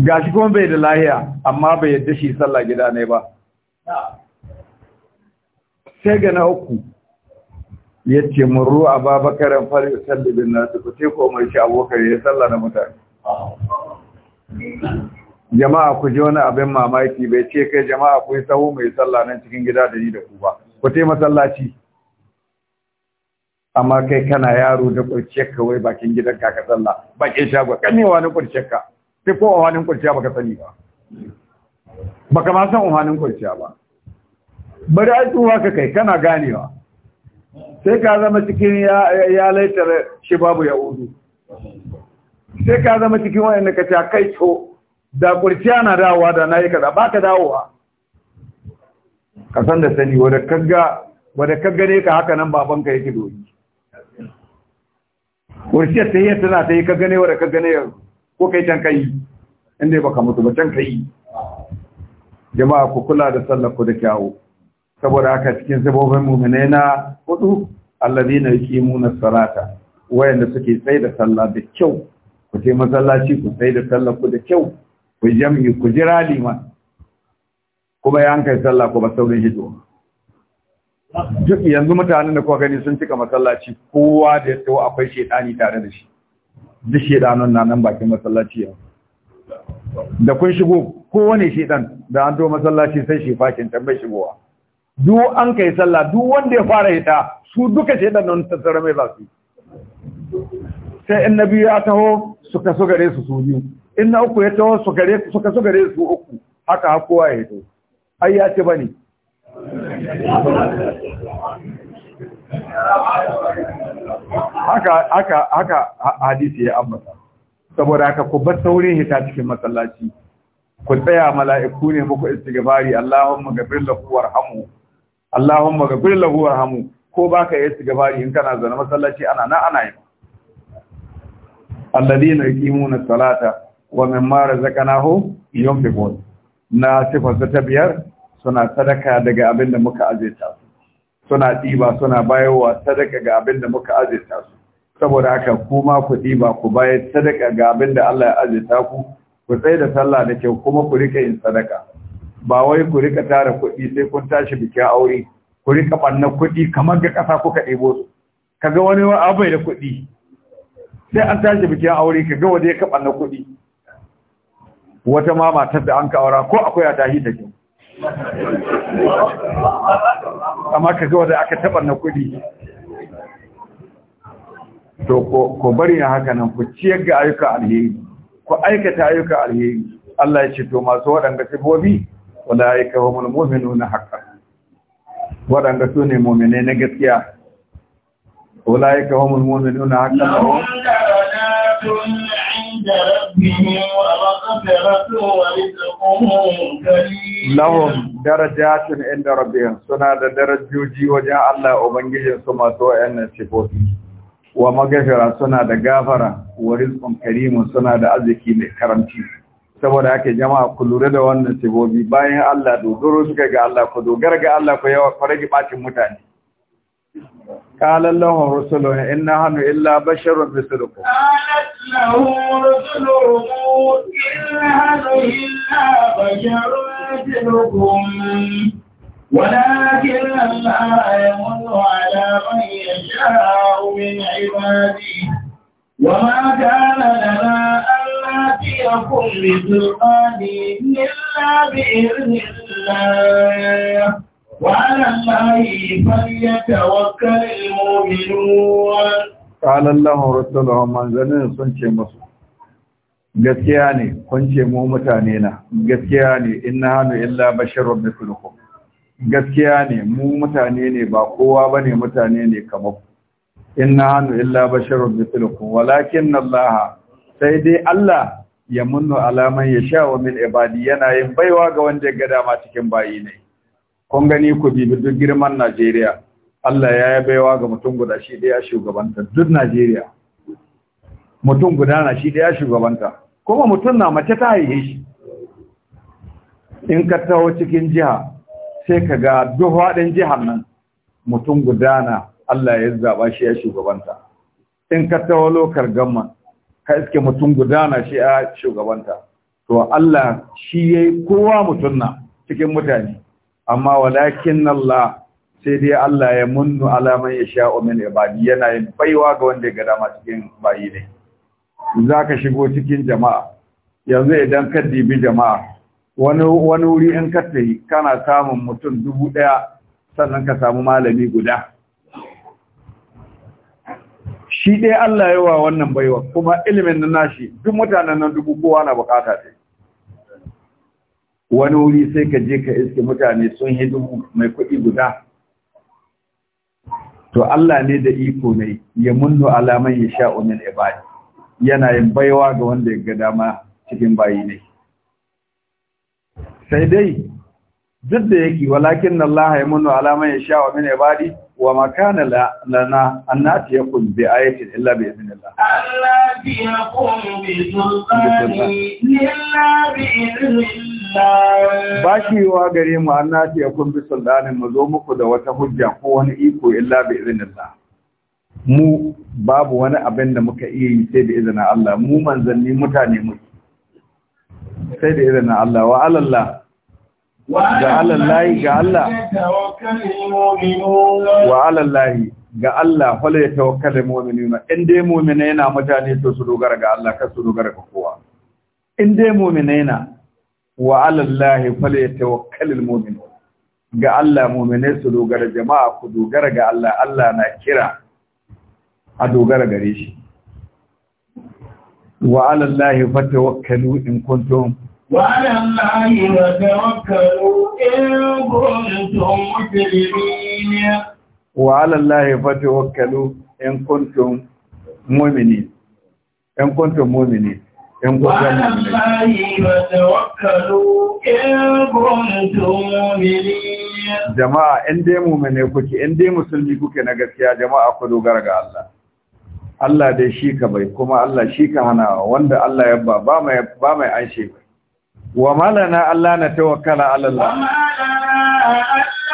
Ga shi kuma bai da lahiya amma bai yadda shi sallah gida ne ba sai ga na uku ya ce murru a babakarin fari sallu bin nasu ku mai shi abokan ya sallah na mutane jama'a ku ji wani abin mamaki bai ce kai jama'a ku yi tsawo mai sallah nan cikin gida da ni da ku ba ku te masallaci amma kai kana yaro da kurciyar ka wai bakin gidan ka ka tsalla bakin shago kanewa na kurciyar ka sai ko uhanin kurciya baka sani ba baka ma san wani kurciya ba bari a tuwa ka kai kana ganewa sai ka zama cikin ya laitar shi babu ya uzu sai ka zama cikin wayanda ka ta kai to da kurciya na dawowa da nayi kaza baka dawowa ka san da sani wadda kagga wadda kagga ne ka haka nan ka yake doyi kursiyar ta yi tana ta yi ka gane wadda ka gane ko kai can kai inda baka mutu ba can kai jama'a ku kula da sallar ku da kyawu saboda haka cikin sabobin mu'minai na hudu yi muna sarata wayanda suke tsaye da sallah da kyau ku ce masallaci ku tsaye da sallar ku da kyau ku jam'i ku jira liman kuma ya hankali sallah ku ba saurin hijira duk yanzu mutanen da kuka gani sun cika masallaci kowa da ya tsawo akwai shedani tare da shi duk shedanun na nan bakin masallaci ya da kun shigo kowane shedan da an to masallaci sai shi fakin tambayar shigowa duk an kai sallah duk wanda ya fara ta, su duka shedan nan ta tsare mai ba sai in nabi ya taho suka so gare su su biyu in na uku ya taho suka so gare su uku haka kowa ya taho ai ya ce bane haka haka haka hadisi ya ambata saboda haka ku bar saurin hita cikin masallaci ku tsaya mala'iku ne muku istighfari Allahumma ghafir lahu warhamu Allahumma ghafir lahu warhamu ko baka yi istighfari in kana zana masallaci ana na ana yi alladheena yuqimuna salata wa mimma razaqnahum yunfiqun na sifa ta biyar suna sadaka daga abin da muka azirta su suna ɗiba suna bayarwa sadaka ga abin da muka azirta su saboda haka kuma ku ɗiba ku bayar sadaka ga abin da Allah ya azirta ku ku tsaye da sallah da kyau kuma ku rika yin sadaka ba wai ku rika tara kuɗi sai kun tashi bikin aure ku rika ɓanna kuɗi kamar ga ƙasa kuka ɗebo su kaga wani abu da kuɗi sai an tashi bikin aure kaga ga ya ka ɓanna kuɗi wata ma matar da an ka aura ko akwai a tahi da kyau amma ka ga wanda aka taɓa na kuɗi to ko bari na haka nan ku ciyar ga ayyukan alheri ku aikata ayyukan alheri Allah ya ce to masu waɗanda sifofi wala ya kawo mana mominu na haka waɗanda su ne mominai na gaskiya wala ya kawo mana mominu na haka lahum darajatun inda rabbihim suna da darajoji wajen Allah ubangijin su maso yan sifofi wa magafira suna da gafara wa rizqun karim suna da arziki mai karanci saboda ake jama'a ku lura da wannan sifofi bayan Allah dogoro suka ga Allah ku dogara ga Allah ku yawa farji bacin mutane قال لهم رسله إن هن إلا بشر مثلكم قالت لهم رسله إن هن إلا بشر مثلكم ولكن الله يمن على من يشاء من عباده وما كان لنا أن نأتيكم بسلطان إلا بإذن الله وعلى الله فليتوكل المؤمنون قال الله رسوله sun ce musu gaskiya ne kun ce mu mutane na gaskiya ne inna hannu illa basharun mithlukum gaskiya ne mu mutane ne ba kowa bane mutane ne kamar inna hannu illa basharun mithlukum walakin na laha, sai dai Allah ya munnu alaman ya sha wa min ibadi yana yin baiwa ga wanda ya gada ma cikin bayi ne kun gani ku bibi duk girman Najeriya Allah ya yi baiwa ga mutum guda shi ɗaya shugabanta duk Najeriya mutum guda na shi ɗaya shugabanta kuma mutum na mace ta haihe shi in ka taho cikin jiha sai ka ga duk waɗin jihar nan mutum guda na Allah ya zaɓa shi ya shugabanta in ka taho lokar gamma ka iske mutum guda na shi ya shugabanta to Allah shi ya yi kowa mutum na cikin mutane amma walakin Allah sai dai Allah ya munnu alaman ya sha'o min ibadi yana yin baiwa ga wanda ga dama cikin bayi ne za ka shigo cikin jama'a yanzu idan ka dibi jama'a wani wuri in ka tafi kana samun mutum dubu ɗaya sannan ka samu malami guda shi dai Allah yawa wannan baiwa kuma ilimin na nashi duk mutanen nan dubu kowa na bukata ce wani wuri sai ka je ka iske mutane sun hidu mai kuɗi guda to Allah ne da iko ne ya munnu alaman ya sha'u min ibadi yana yin baiwa ga wanda ya ga dama cikin bayi ne sai dai duk da yake walakin Allah ya munnu alaman ya sha'u min ibadi wa ma kana lana an natiyakum bi ayatin illa bi idnillah Allah bi yakum bi sultani illa bi idnillah ba shi yiwa gare mu an nace ya kun bi sultanin mu zo muku da wata hujja ko wani iko illa bi iznillah mu babu wani abin da muka iya yi sai da izinin Allah mu manzanni mutane mu sai da izinin Allah wa alallah ga alallahi ga Allah wa alallahi ga Allah wala ya tawakkala mu'minuna in dai mu'mina yana mutane to su dogara ga Allah kar su dogara ga kowa in dai mu'mina yana wa alallahi falyatawakkalul mu'minun ga Allah mu'minai su dogara jama'a ku dogara ga Allah Allah na kira a dogara gare shi wa alallahi fatawakkalu in kuntum wa alallahi wakalu in kuntum muslimin wa alallahi fatawakkalu in kuntum mu'minin in kuntum mu'minin ‘yan kusan jama'a ‘yan demu mummune kuke ‘yan dai musulmi kuke na gaskiya jama'a ku dogara ga Allah Allah dai shi ka bai kuma Allah shi ka hana wanda Allah ya ba mai an shi bai wa malana Allah na tawakkala Allah wa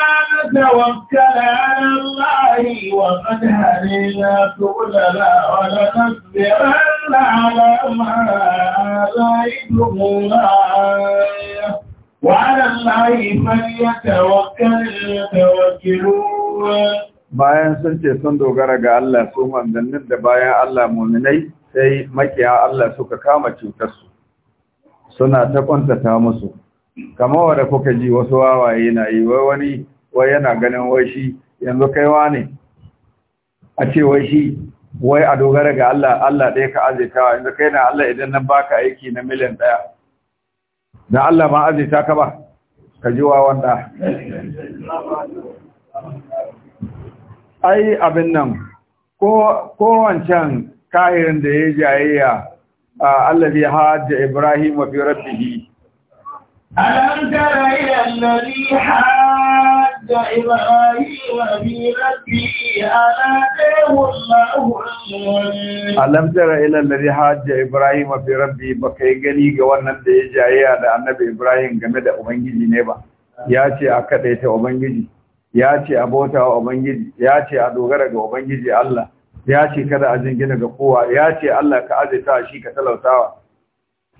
نتوكل على الله وقد هدينا سبلنا ولنصبرن على ما آذيتمونا وعلى الله فليتوكل المتوكلون bayan sun ce sun dogara ga Allah su manzannin da bayan Allah muminai sai makiya Allah suka kama cutarsu suna ta kwantata musu kama da kuka ji wasu wawaye na yi wani wai yana ganin wai shi yanzu kaiwa ne a ce wai shi wai a dogara ga Allah Allah ɗaya ka azitawa yanzu kai na Allah idan nan baka aiki na miliyan ɗaya da Allah ma azita ka ba ka ji wa wanda ai abin nan ko wancan kahirin da ya jayayya Allah zai hajja Ibrahim wa fi rabbihi alam tara ila alladhi hajja Alam إبراهيم ila آتاه hajja Ibrahim تر إلى الذي حج إبراهيم في gani ga wannan da ya a da annabi Ibrahim game da Ubangiji ne ba, ya ce a kaɗaita Ubangiji, ya ce a bauta wa Ubangiji, ya ce a dogara ga Ubangiji Allah, ya ce kada a jingina ga kowa, ya ce Allah ka azaita shi ka talautawa.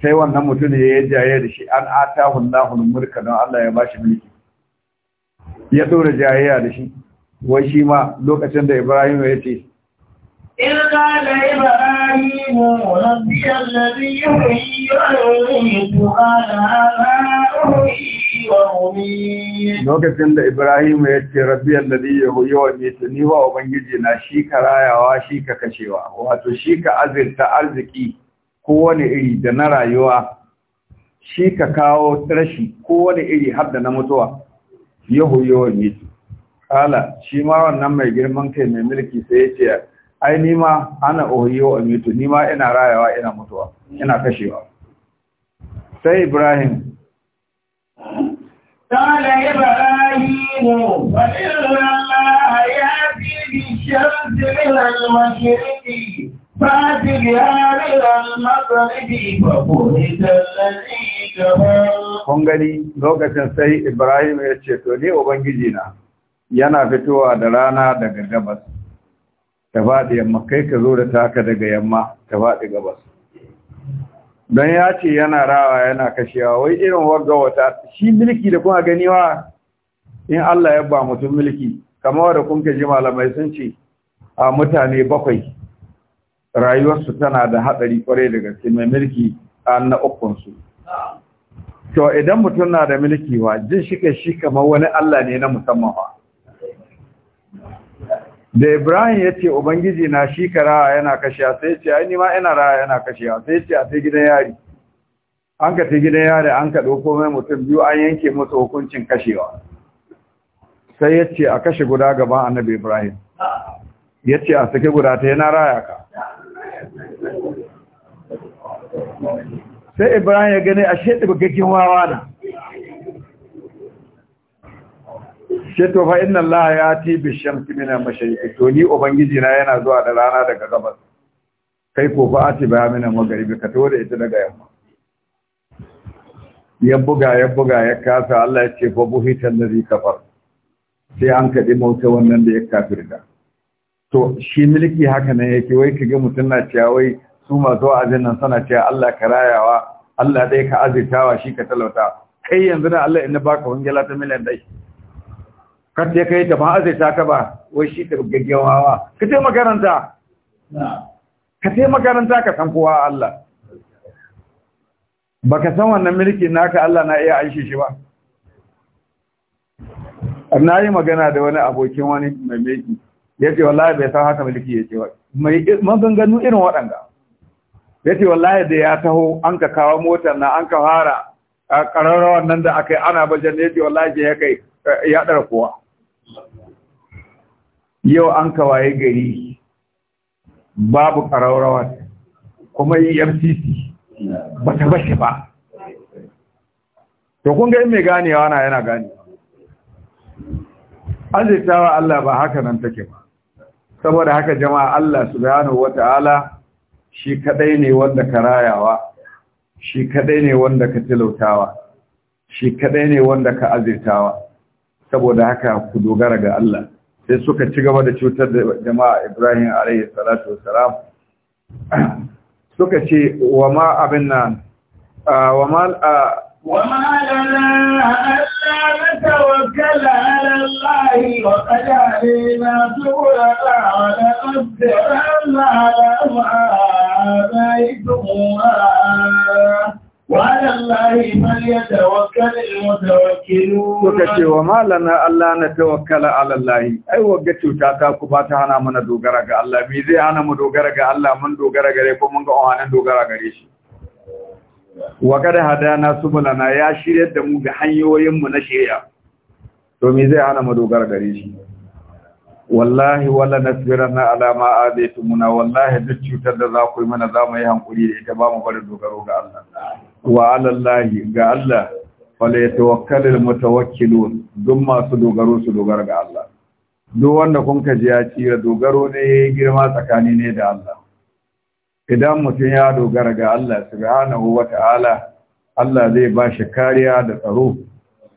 Sai wannan mutum ne ya yi jayayya da shi an ata hullahun Murka don Allah ya ba shi mulki. ya ɗora jayayya da shi wai shi ma lokacin da Ibrahim ya ce lokacin da Ibrahim ya ce rabbi alladhi yi wa yumiitu ni wa ubangiji na shi ka rayawa shi ka kashewa wato shi ka azirta arziki kowane iri da na rayuwa shi ka kawo rashi kowane iri har da na mutuwa yahu yawa miki kala shi ma wannan mai girman kai mai mulki sai ya ce ai ni ma ana ohiyo wa mitu ni ma ina rayawa ina mutuwa ina kashewa sai ibrahim kala ibrahim wa inna allaha yati bi shamsi bishiyar فاتك kun gani lokacin sai Ibrahim ya ce to ubangiji na yana fitowa da rana daga gabas ta faɗi yamma kai ka zo da taka daga yamma ta faɗi gabas don ya ce yana rawa yana kashewa wai irin wagga wata shi milki da kuma ganiwa in Allah ya ba mutum milki kamar da kun ji malamai sun ce a mutane bakwai rayuwarsu tana da haɗari kwarai daga gaske mai mulki an na ukunsu to idan mutum na da mulki wa jin shi kai shi kamar wani Allah ne na musamman wa da Ibrahim ya ce Ubangiji na shi kara yana kashiya sai ce ai nima ina raya yana kashiya sai ce a ta gidan yari an ka ta gidan yari an ka ɗauko mai mutum biyu an yanke musu hukuncin kashewa sai ya ce a kashe guda gaban annabi Ibrahim ya ce a sake guda ta yana raya ka sai ibrahim ya gane a shaɗi bugaggen wawa na shato fa inna Allah ya ti bi shamsi mashayi. to ni ubangiji na yana zuwa da rana daga gabas kai ko fa ati ba mina magaribi ka tore ita daga yamma ya buga ya buga ya kasa Allah ya ce fa buhita da kafar sai an kadi mota wannan da ya kafirta to shi miliki haka nan yake wai kage mutun na cewa wai su masu wa'azin nan suna cewa Allah ka rayawa Allah dai ka azitawa shi ka talauta kai yanzu na Allah inda baka wangela ta miliyan dai ka ce kai ta ba azita ka ba wai shi ta gaggawawa ka ce makaranta ka ce makaranta ka san kowa Allah baka san wannan mulki naka Allah na iya aishi shi ba na yi magana da wani abokin wani mai mulki ya ce wallahi bai san haka mulki ya ce ba mai maganganu irin waɗanda yace wallahi da ya taho an ka kawo motar na an ka fara ƙararrawar nan da aka yi ana bajan ya ce wallahi ya kai eh, ya dar kuwa. yau an ka waye gari babu ƙararrawar kuma yi e mcc ba ta bashi ba to kun ga in mai ganewa na yana gane. ganewa azaitawa Allah ba haka nan take ba saboda haka jama'a Allah subhanahu wata'ala shi kadai ne wanda ka rayawa shi kadai ne wanda ka tilautawa shi kadai ne wanda ka azirtawa saboda haka ku dogara ga Allah sai suka ci gaba da cutar da jama'a Ibrahim alaihi salatu wassalam suka ce wa ma abin nan wa ma Kuka ce wa malana Allah na tawakkala ala Allah ai wa cuta ta ku ba ta hana mana dogara ga Allah me zai hana mu dogara ga Allah mun dogara gare ko mun ga ohanan dogara gare shi wa kada hadana subulana ya shiryar da mu ga hanyoyin na shirya. to me zai hana mu dogara gare shi wallahi wala nasbirana ala ma muna, wallahi duk cutar da za ku yi mana za mu yi hankuri da ita ba mu bari dogaro ga Allah wa ala Allah ga Allah wala al mutawakkilun duk masu dogaro su dogara ga Allah duk wanda kun kaji ya tsira dogaro ne girma tsakani ne da Allah idan mutum ya dogara ga Allah subhanahu wa ta'ala Allah zai ba shi kariya da tsaro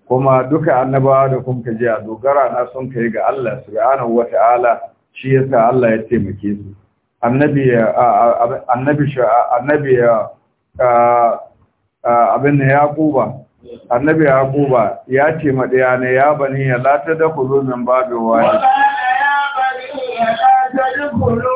kuma duka annabawa da kun ka ji a dogara na sun kai ga Allah subhanahu wa ta'ala shi yasa Allah ya taimake su annabi annabi annabi abin yaquba annabi kuba ya ce ma daya ne ya bani ya la kuzo min babi wahid ya bani ya la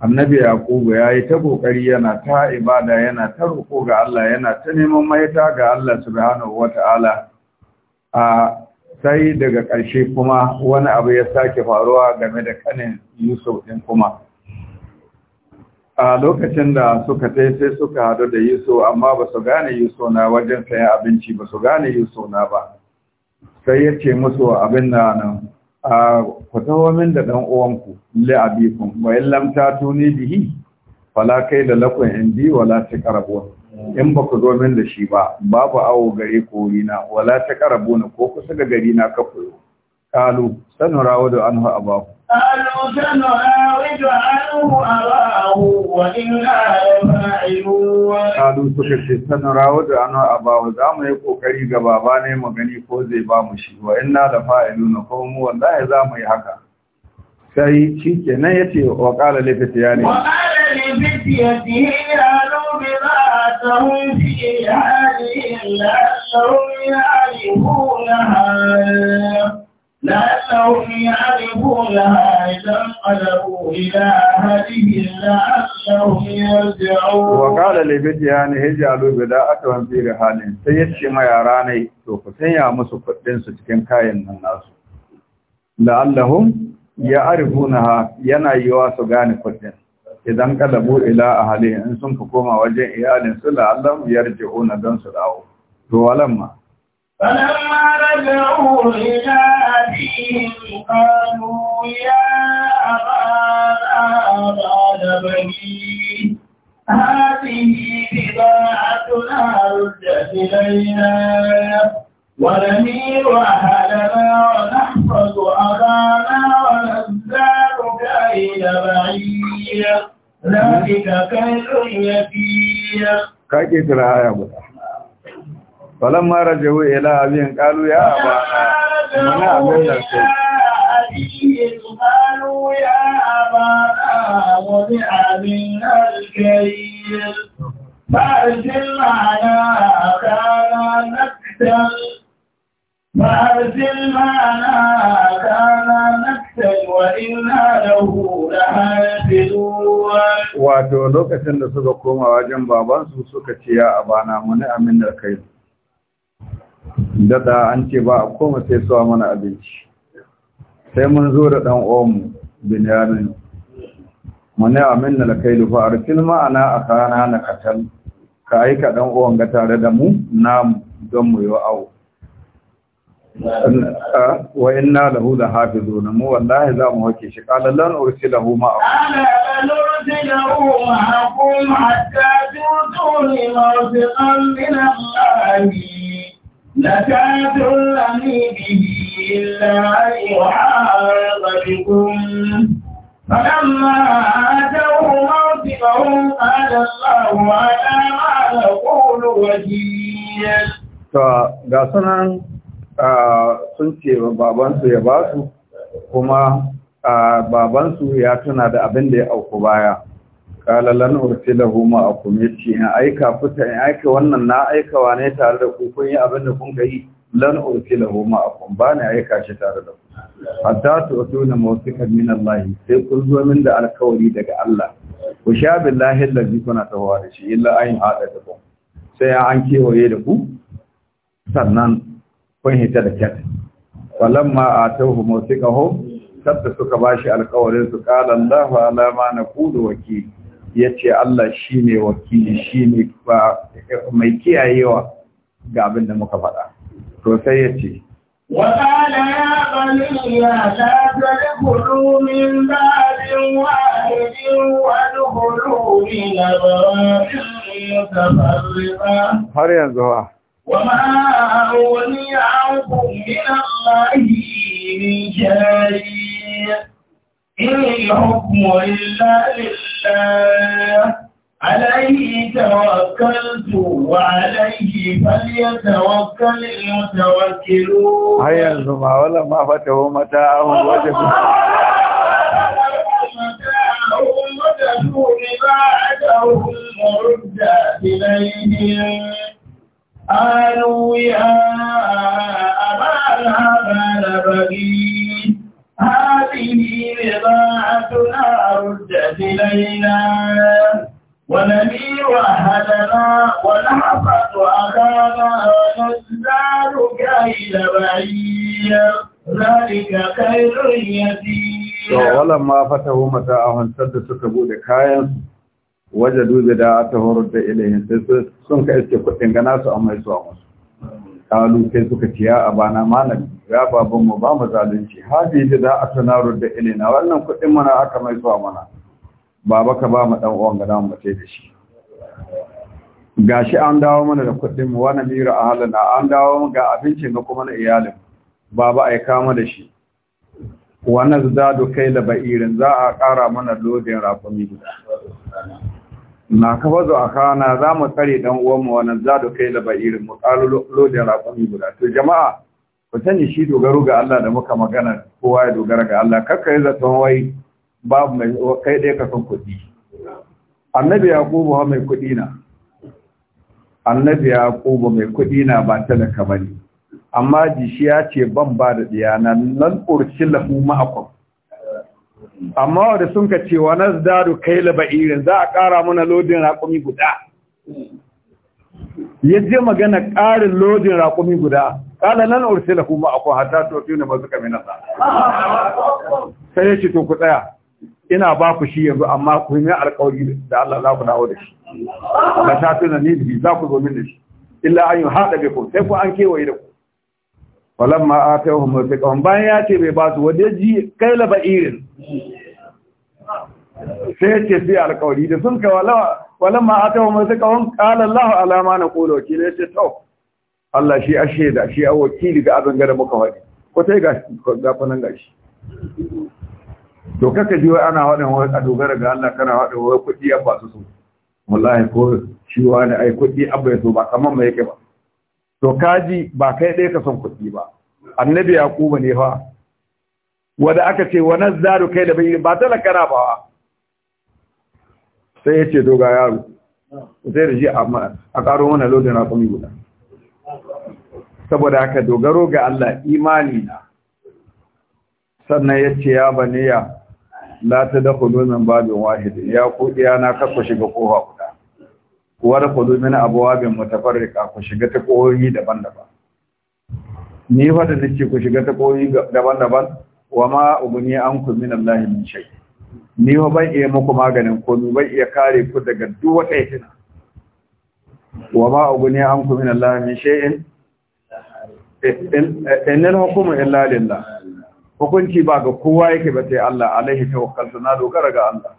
annabi ya yi ta ƙoƙari yana ta ibada yana ta roko ga Allah yana ta neman maita ga Allah subhanahu wataala a sai daga ƙarshe kuma wani abu ya sake faruwa game da kanin Yusuf ɗin kuma a lokacin da suka tai sai suka hadu da Yusuf amma ba su gane Yusuf na wajen sayan abinci ba su gane Yusuf na ba sai ya ce musu abin na nan ku taho min da ɗan uwanku abikum wa in lam tuni bihi fala kai da lakun indi wala ta karabuwa in ba ku zo min da shi ba babu awo gare ku wurina wala ta karabu na ko kusa ga gari na ka koyo kalu sanura da an hu abahu kalu sanura wadu an hu abahu wa in Kalu suka ce sanin rawo da ana abawa za mu yi ƙoƙari ga baba ne magani ko zai ba mu shi wa ina da fa'ilu na ko wanda ya za mu yi haka. Sai shi ke nan ya ce wa ƙala ya ne. Wa ƙala ya لعلهم يعرفونها إذا انقلبوا إلى أهلهم لعلهم يرجعون وقال لفتيانه اجعلوا بداءتهم في رحالهم سيتشي ما يراني to ku sanya musu kuɗin su cikin kayan nan nasu la'allahum ya arifuna yana yiwa su gane kuɗin idan kalabu ila ahlihi in sun koma wajen iyalin su la'allahum yarji'una dan su dawo to walamma فلما رجعوا إلى أبيهم قالوا يا أبانا قال بني هذه بضاعتنا ردت إلينا ونمير أهلنا ونحفظ أبانا ونزداد كيل بعير ذلك كيل يسير كيف يا أبو فلما رجعوا الى ابيهم ya قالوا يا أبانا منا معنا نكتل وإنا له لحافظون wato lokacin da suka koma wajen babansu suka ce ya abana muni amin kai daɗa an ce ba a koma sai suwa mana abinci sai mun zo da ɗan omu binyamin mana amin na lakai lufa a rufin ma'ana a kana na katal ka aika ɗan uwan ga tare da mu na don mu yi awo wa inna lahu la hafizuna mu wallahi za mu hake shi qala lan ursilahu ma qala lan لكاد الذي به إلا يحارب بكم فلما آتوا موثقهم قال الله على ما نقول وكيل ga sunan sun ce babansu ya basu kuma babansu ya tuna da abin da ya auku baya kala lan ursilahu ma akum yace in aika fita, in aika wannan na aikawa ne tare da ku kun yi abin da kun yi lan ursilahu a akum ba ni aika shi tare da ku hatta tu'tuna mawsiqan min Allah sai kun zo min da alkawari daga Allah ku sha billahi allazi kuna tawa da shi illa ayin hada da ku sai an kewaye da ku sannan kun hita da kyat falamma atawhu mawsiqahu sabda suka bashi alkawarin su qala Allahu ala ma naqulu wakil ya ce Allah shi ne wakili shi ne mai kiyayewa ga abin da muka faɗa. To sai ya ce, Waɗanda ya ɓani ya ɗazari hulumin zaɓin wahidin wani hulumi na zaɓin Har yanzu ba. Wa ma'auni ya hukumin Allah lahi min jari, in yi hukumin lalisi. عليه توكلت وعليه فليتوكل المتوكلون هيا الزمع ولا ما فتحوا متاعهم وجدوا متاعهم وجدوا بضاعته وردت إليهم قالوا يا أبانا ما نبغي هذه بضاعتنا ردت إلينا ونبي وهدنا ونحفظ أخانا mata, كيل بعير ذلك خير يسير ولما فتحوا متاعهم سد سكبوا لكاين wajadu horar da ilayhim sai sun ka iske kudin gana su a mai a musu kalu sai suka ciya a bana Malam, ya baban mu ba mu zalunci hadi da rudda ilayna wannan kudin mana aka mai zuwa mana baba ka ba mu dan uwan ga mu bace da shi gashi an dawo mana da kudin mu wani mira a halina an dawo ga abincin ga kuma na iyalin baba ai kama da shi wannan do kai da ba'irin za a ƙara mana lodin rafumi guda na kafa zuwa kana za mu tsare dan mu wannan zado kai da ba'irin mu ƙaro lodin rafumi guda to jama'a ku sani shi dogaro ga Allah da muka magana kowa ya dogara ga Allah kakkai yi zaton wai babu mai kai dai ka san kuɗi annabi yaqubu ha mai kuɗi na annabi yaqubu mai kuɗi na ba ta da bane amma shi ya ce ban ba da diyana nan ursil lahu ma'akum amma wanda sun ka ce wa kai kayla ba'irin za a ƙara mana lodin raƙumi guda ya je magana ƙarin lodin raƙumi guda ƙala nan ursila kuma akwai hata to ne masu kami nasa sai ya ce to ku tsaya ina ba ku shi yanzu amma ku yi alƙawari da Allah za ku dawo da shi ba ta tuna ni biyu za ku zo min da shi illa an yi haɗa bai ku sai ku an kewaye da ku falamma atayhum mutaqam bayan ya ce bai ba su wanda ji kai la irin sai ya ce sai alƙawari da sun ka wala walamma atayhum mutaqam qala Allahu ala ma naqulu wakil ya ce to Allah shi ashe da shi a wakili ga abin gada muka faɗi ko sai ga ga gashi to kaka ji ana wadan wai a dogara ga Allah kana wadan wai kudi an ba su wallahi ko shi wani ai kudi an ya so ba kaman mai yake ba to kaji ba kai dai ka son kudi ba annabi yaquba ne fa wanda aka ce wa nazzaru kai da bai ba talakara ba sai ya ce to ga yaro sai da shi a karo mana na kuma guda saboda haka dogaro ga Allah imani na sannan ya ce ya baniya la ta da min babin wahidi ya ku iyana ka ku shiga kofa guda kuwa da kudu min abuwabin mutafarrika ku shiga ta kohohi daban-daban ni fa da nake ku shiga ta kohohi daban-daban wa ma ubuni an ku min Allah min shay ni fa bai iya muku maganin komai bai iya kare ku daga duk wata yana wa ma ubuni an ku min Allah min shay'in in al hukmu illa lillah hukunci ba ga kowa yake ba sai Allah alaihi tawakkaltu na dogara ga Allah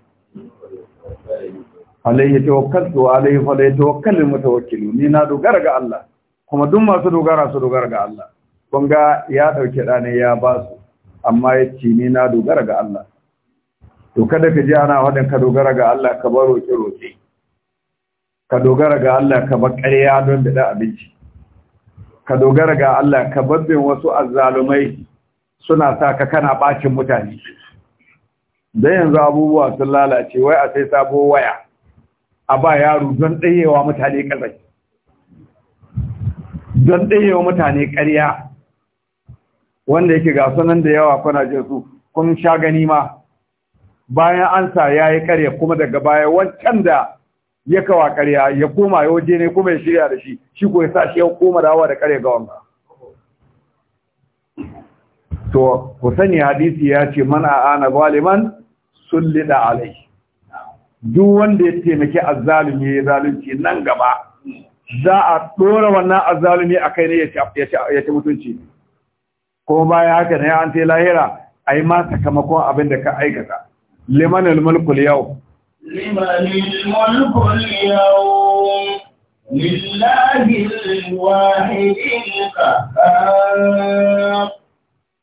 alaihi tawakkaltu alaihi fa alaihi tawakkalul mutawakkilu ni na dogara ga Allah kuma duk masu dogara su dogara ga Allah kun ga ya dauke dane ya ba su amma yace ni na dogara ga Allah to kada ka ji ana wadan ka dogara ga Allah ka baro roƙe roƙe ka dogara ga Allah ka ba ƙarya don da abinci ka dogara ga Allah ka babbin wasu azzalumai suna sa ka kana bacin mutane da yanzu abubuwa sun lalace wai a sai sabo waya a ba yaro don ɗayewa mutane ƙazai don ɗayewa mutane ƙarya wanda yake ga sunan da yawa kuna jin su kun sha gani ma bayan an sa ya yi ƙarya kuma daga baya wancan da ya kawa ƙarya ya koma ya waje ne kuma ya shirya da shi shi ko ya sa shi ya koma dawa da ƙarya ga wanga to ku sani hadisi ya ce man ana zaliman lida alai duk wanda ya taimaki azzalumi ya zalunci nan gaba za a ɗora wannan azzalumi a kai ne ya ci mutunci ko baya haka ne an ta lahira a yi ma sakamakon abin da ka aikata limanil mulkul yau limanil mulkul yau lillahi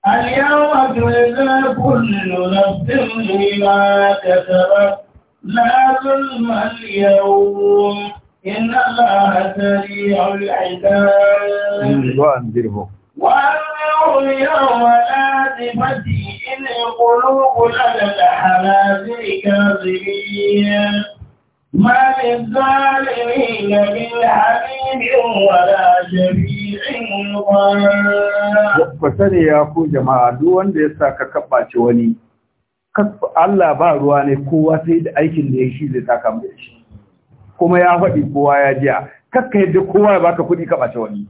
اليوم تجزى كل نفس بما كسبت لا ظلم اليوم إن الله سريع العباد وأنذرهم وأنذرهم يوم الآزفة إن القلوب لدى الحناجر كاظمين ما للظالمين من حبيب ولا شفيع Ba sani ya ku jama'a duk wanda ya sa ka kaɓace wani, Allah ba ruwa ne kowa sai da aikin da ya shi zai taka kamar shi. Kuma ya faɗi kowa ya jiya, kakka yadda kowa ya baka kuɗi kaɓace wani.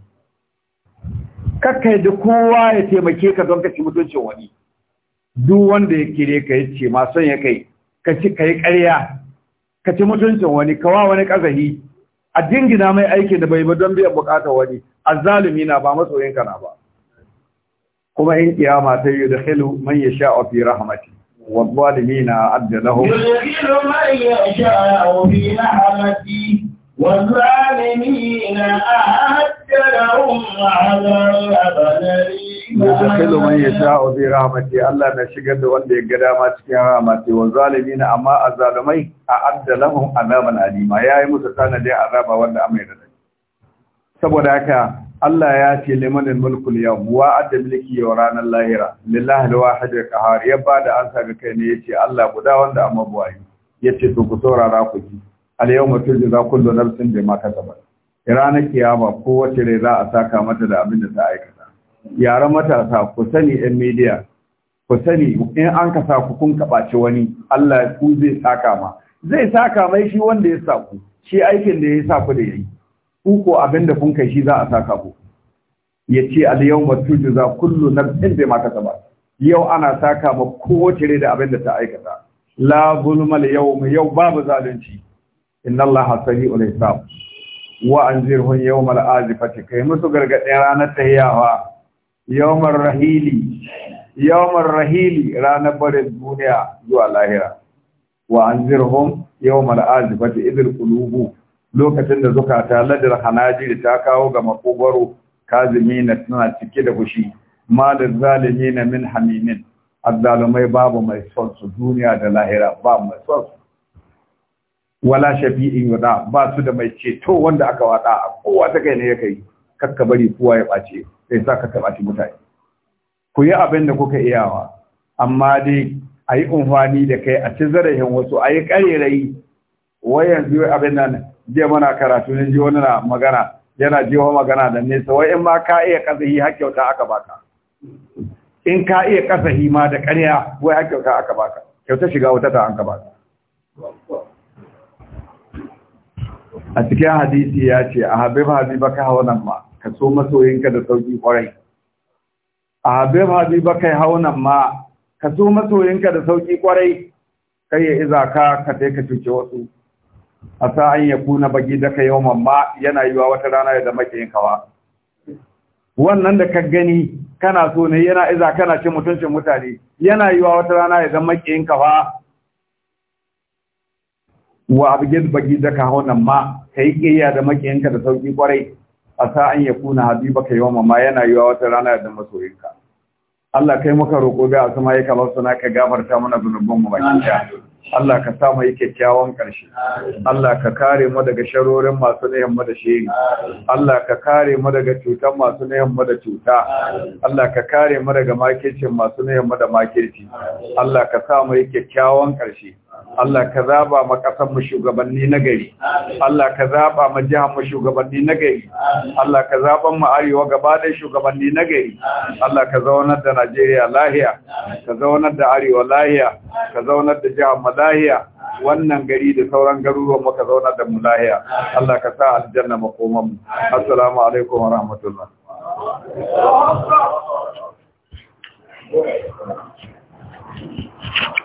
Kakka yadda kowa ya taimake ka don kaci ci mutuncin wani. Duk wanda ya kire ka ya ce masu ya kai, ka ci ka yi ƙarya, ka ci mutuncin wani, ka wa wani ƙazahi, a dingina mai aikin da bai ba don biyan bukata wani zalimi na ba masoyin na ba kuma in kiyama ta yi da hilu man ya sha fi rahmati والظالمين أعد لهم يدخل من يشاء في رحمتي والظالمين أعد لهم عذابا yudkhilu man yasha'u zai rahmati Allah na shigar da wanda ya ga dama cikin rahmati wa na amma azalimai a lahum azaban alima Ya yi musu tanadi azaba wanda amai da saboda haka Allah ya ce limanin mulkul yau wa adda mulki yau ranar lahira lillahi alwahid alqahar ya bada ansa ga kai ne Ya ce Allah guda wanda amma Ya ce to ku saurara ku ji al yawma tujza kullu nafsin bima kasabat ranar kiyama kowace rai za a saka mata da abin da ta aikata Yaren matasa ku sani yan media ku sani in an ka sa ku kun kabaci wani Allah ku zai saka ma zai saka mai shi wanda ya saku, shi aikin da ya saku ku da yayi ku ko abin da kun kai shi za a saka ku ya ce al-yawma tujza kullu nafsin bima kasabat yau ana saka ma kowace da abin da ta aikata la zulma yawm yau babu zalunci inna Allah sami'ul hisab wa anzirhum yawmal azifati kai musu gargadin ranar tahiyawa yawmar rahili yawmar rahili ranar barin duniya zuwa lahira wa anzirhum yawmal azifati idil qulubu lokacin da zukata ladar hanajir ta kawo ga makogwaro kazimina tana cike da fushi malal zalimin min hamimin azzalumai babu mai son duniya da lahira ba mai son su wala shafi'in yuda ba su da mai ceto wanda aka wada kowa ta kai ne yi, kar kuwa bari kowa ya bace sai za ka taɓa shi mutane ku yi abin da kuka iyawa amma dai a yi umfani da kai a ci zarafin wasu a yi ƙarerai wai yanzu abin nan jiya mana karatu ne ji wani na magana yana wa magana da nesa wai in ma ka iya kasahi har kyauta aka baka in ka iya kasahi ma da ƙarya wai har kyauta aka baka kyauta shiga wata ta an ka baka a cikin hadisi ya ce a habib hau nan ma ka so masoyinka da sauki kwarai a habib habiba kai haunan ma ka so masoyinka da sauki kwarai kai ya iza ka ka sai ka cuce wasu a sa an ya kuna bagi da kai yawan ma yana yiwa wata rana ya zama ke kawa wannan da ka gani kana so ne yana iza kana ce mutuncin mutane yana yiwa wata rana ya zama ke kawa wa abgid bagi da ka haunan ma yi kiyaye da makiyanka da sauki kwarai asa an yakuna habibaka yawma ma yana yiwa wata rana da masoyinka Allah kai muka roƙo da asuma yake Allah sana ka gafarta mana zunuban mu baki ta Allah ka sa mu yi kyakkyawan ƙarshe Allah ka kare mu daga sharorin masu nehin mu da shehi Allah ka kare mu daga cutan masu nehin mu da cuta Allah ka kare mu daga makircin masu nehin mu da makirci Allah ka sa mu yi kyakkyawan ƙarshe Allah ka zaba ma ƙasar mu shugabanni na gari Allah ka zaba ma jihar mu shugabanni na gari Allah ka zaban mu arewa gaba da shugabanni na gari Allah ka zaunar da Najeriya lahiya ka zaunar da arewa lahiya ka zaunar da jihar mu lahiya wannan gari da sauran garuruwan ka zauna da mu lahiya Allah ka sa aljanna makoman mu assalamu alaikum wa rahmatullah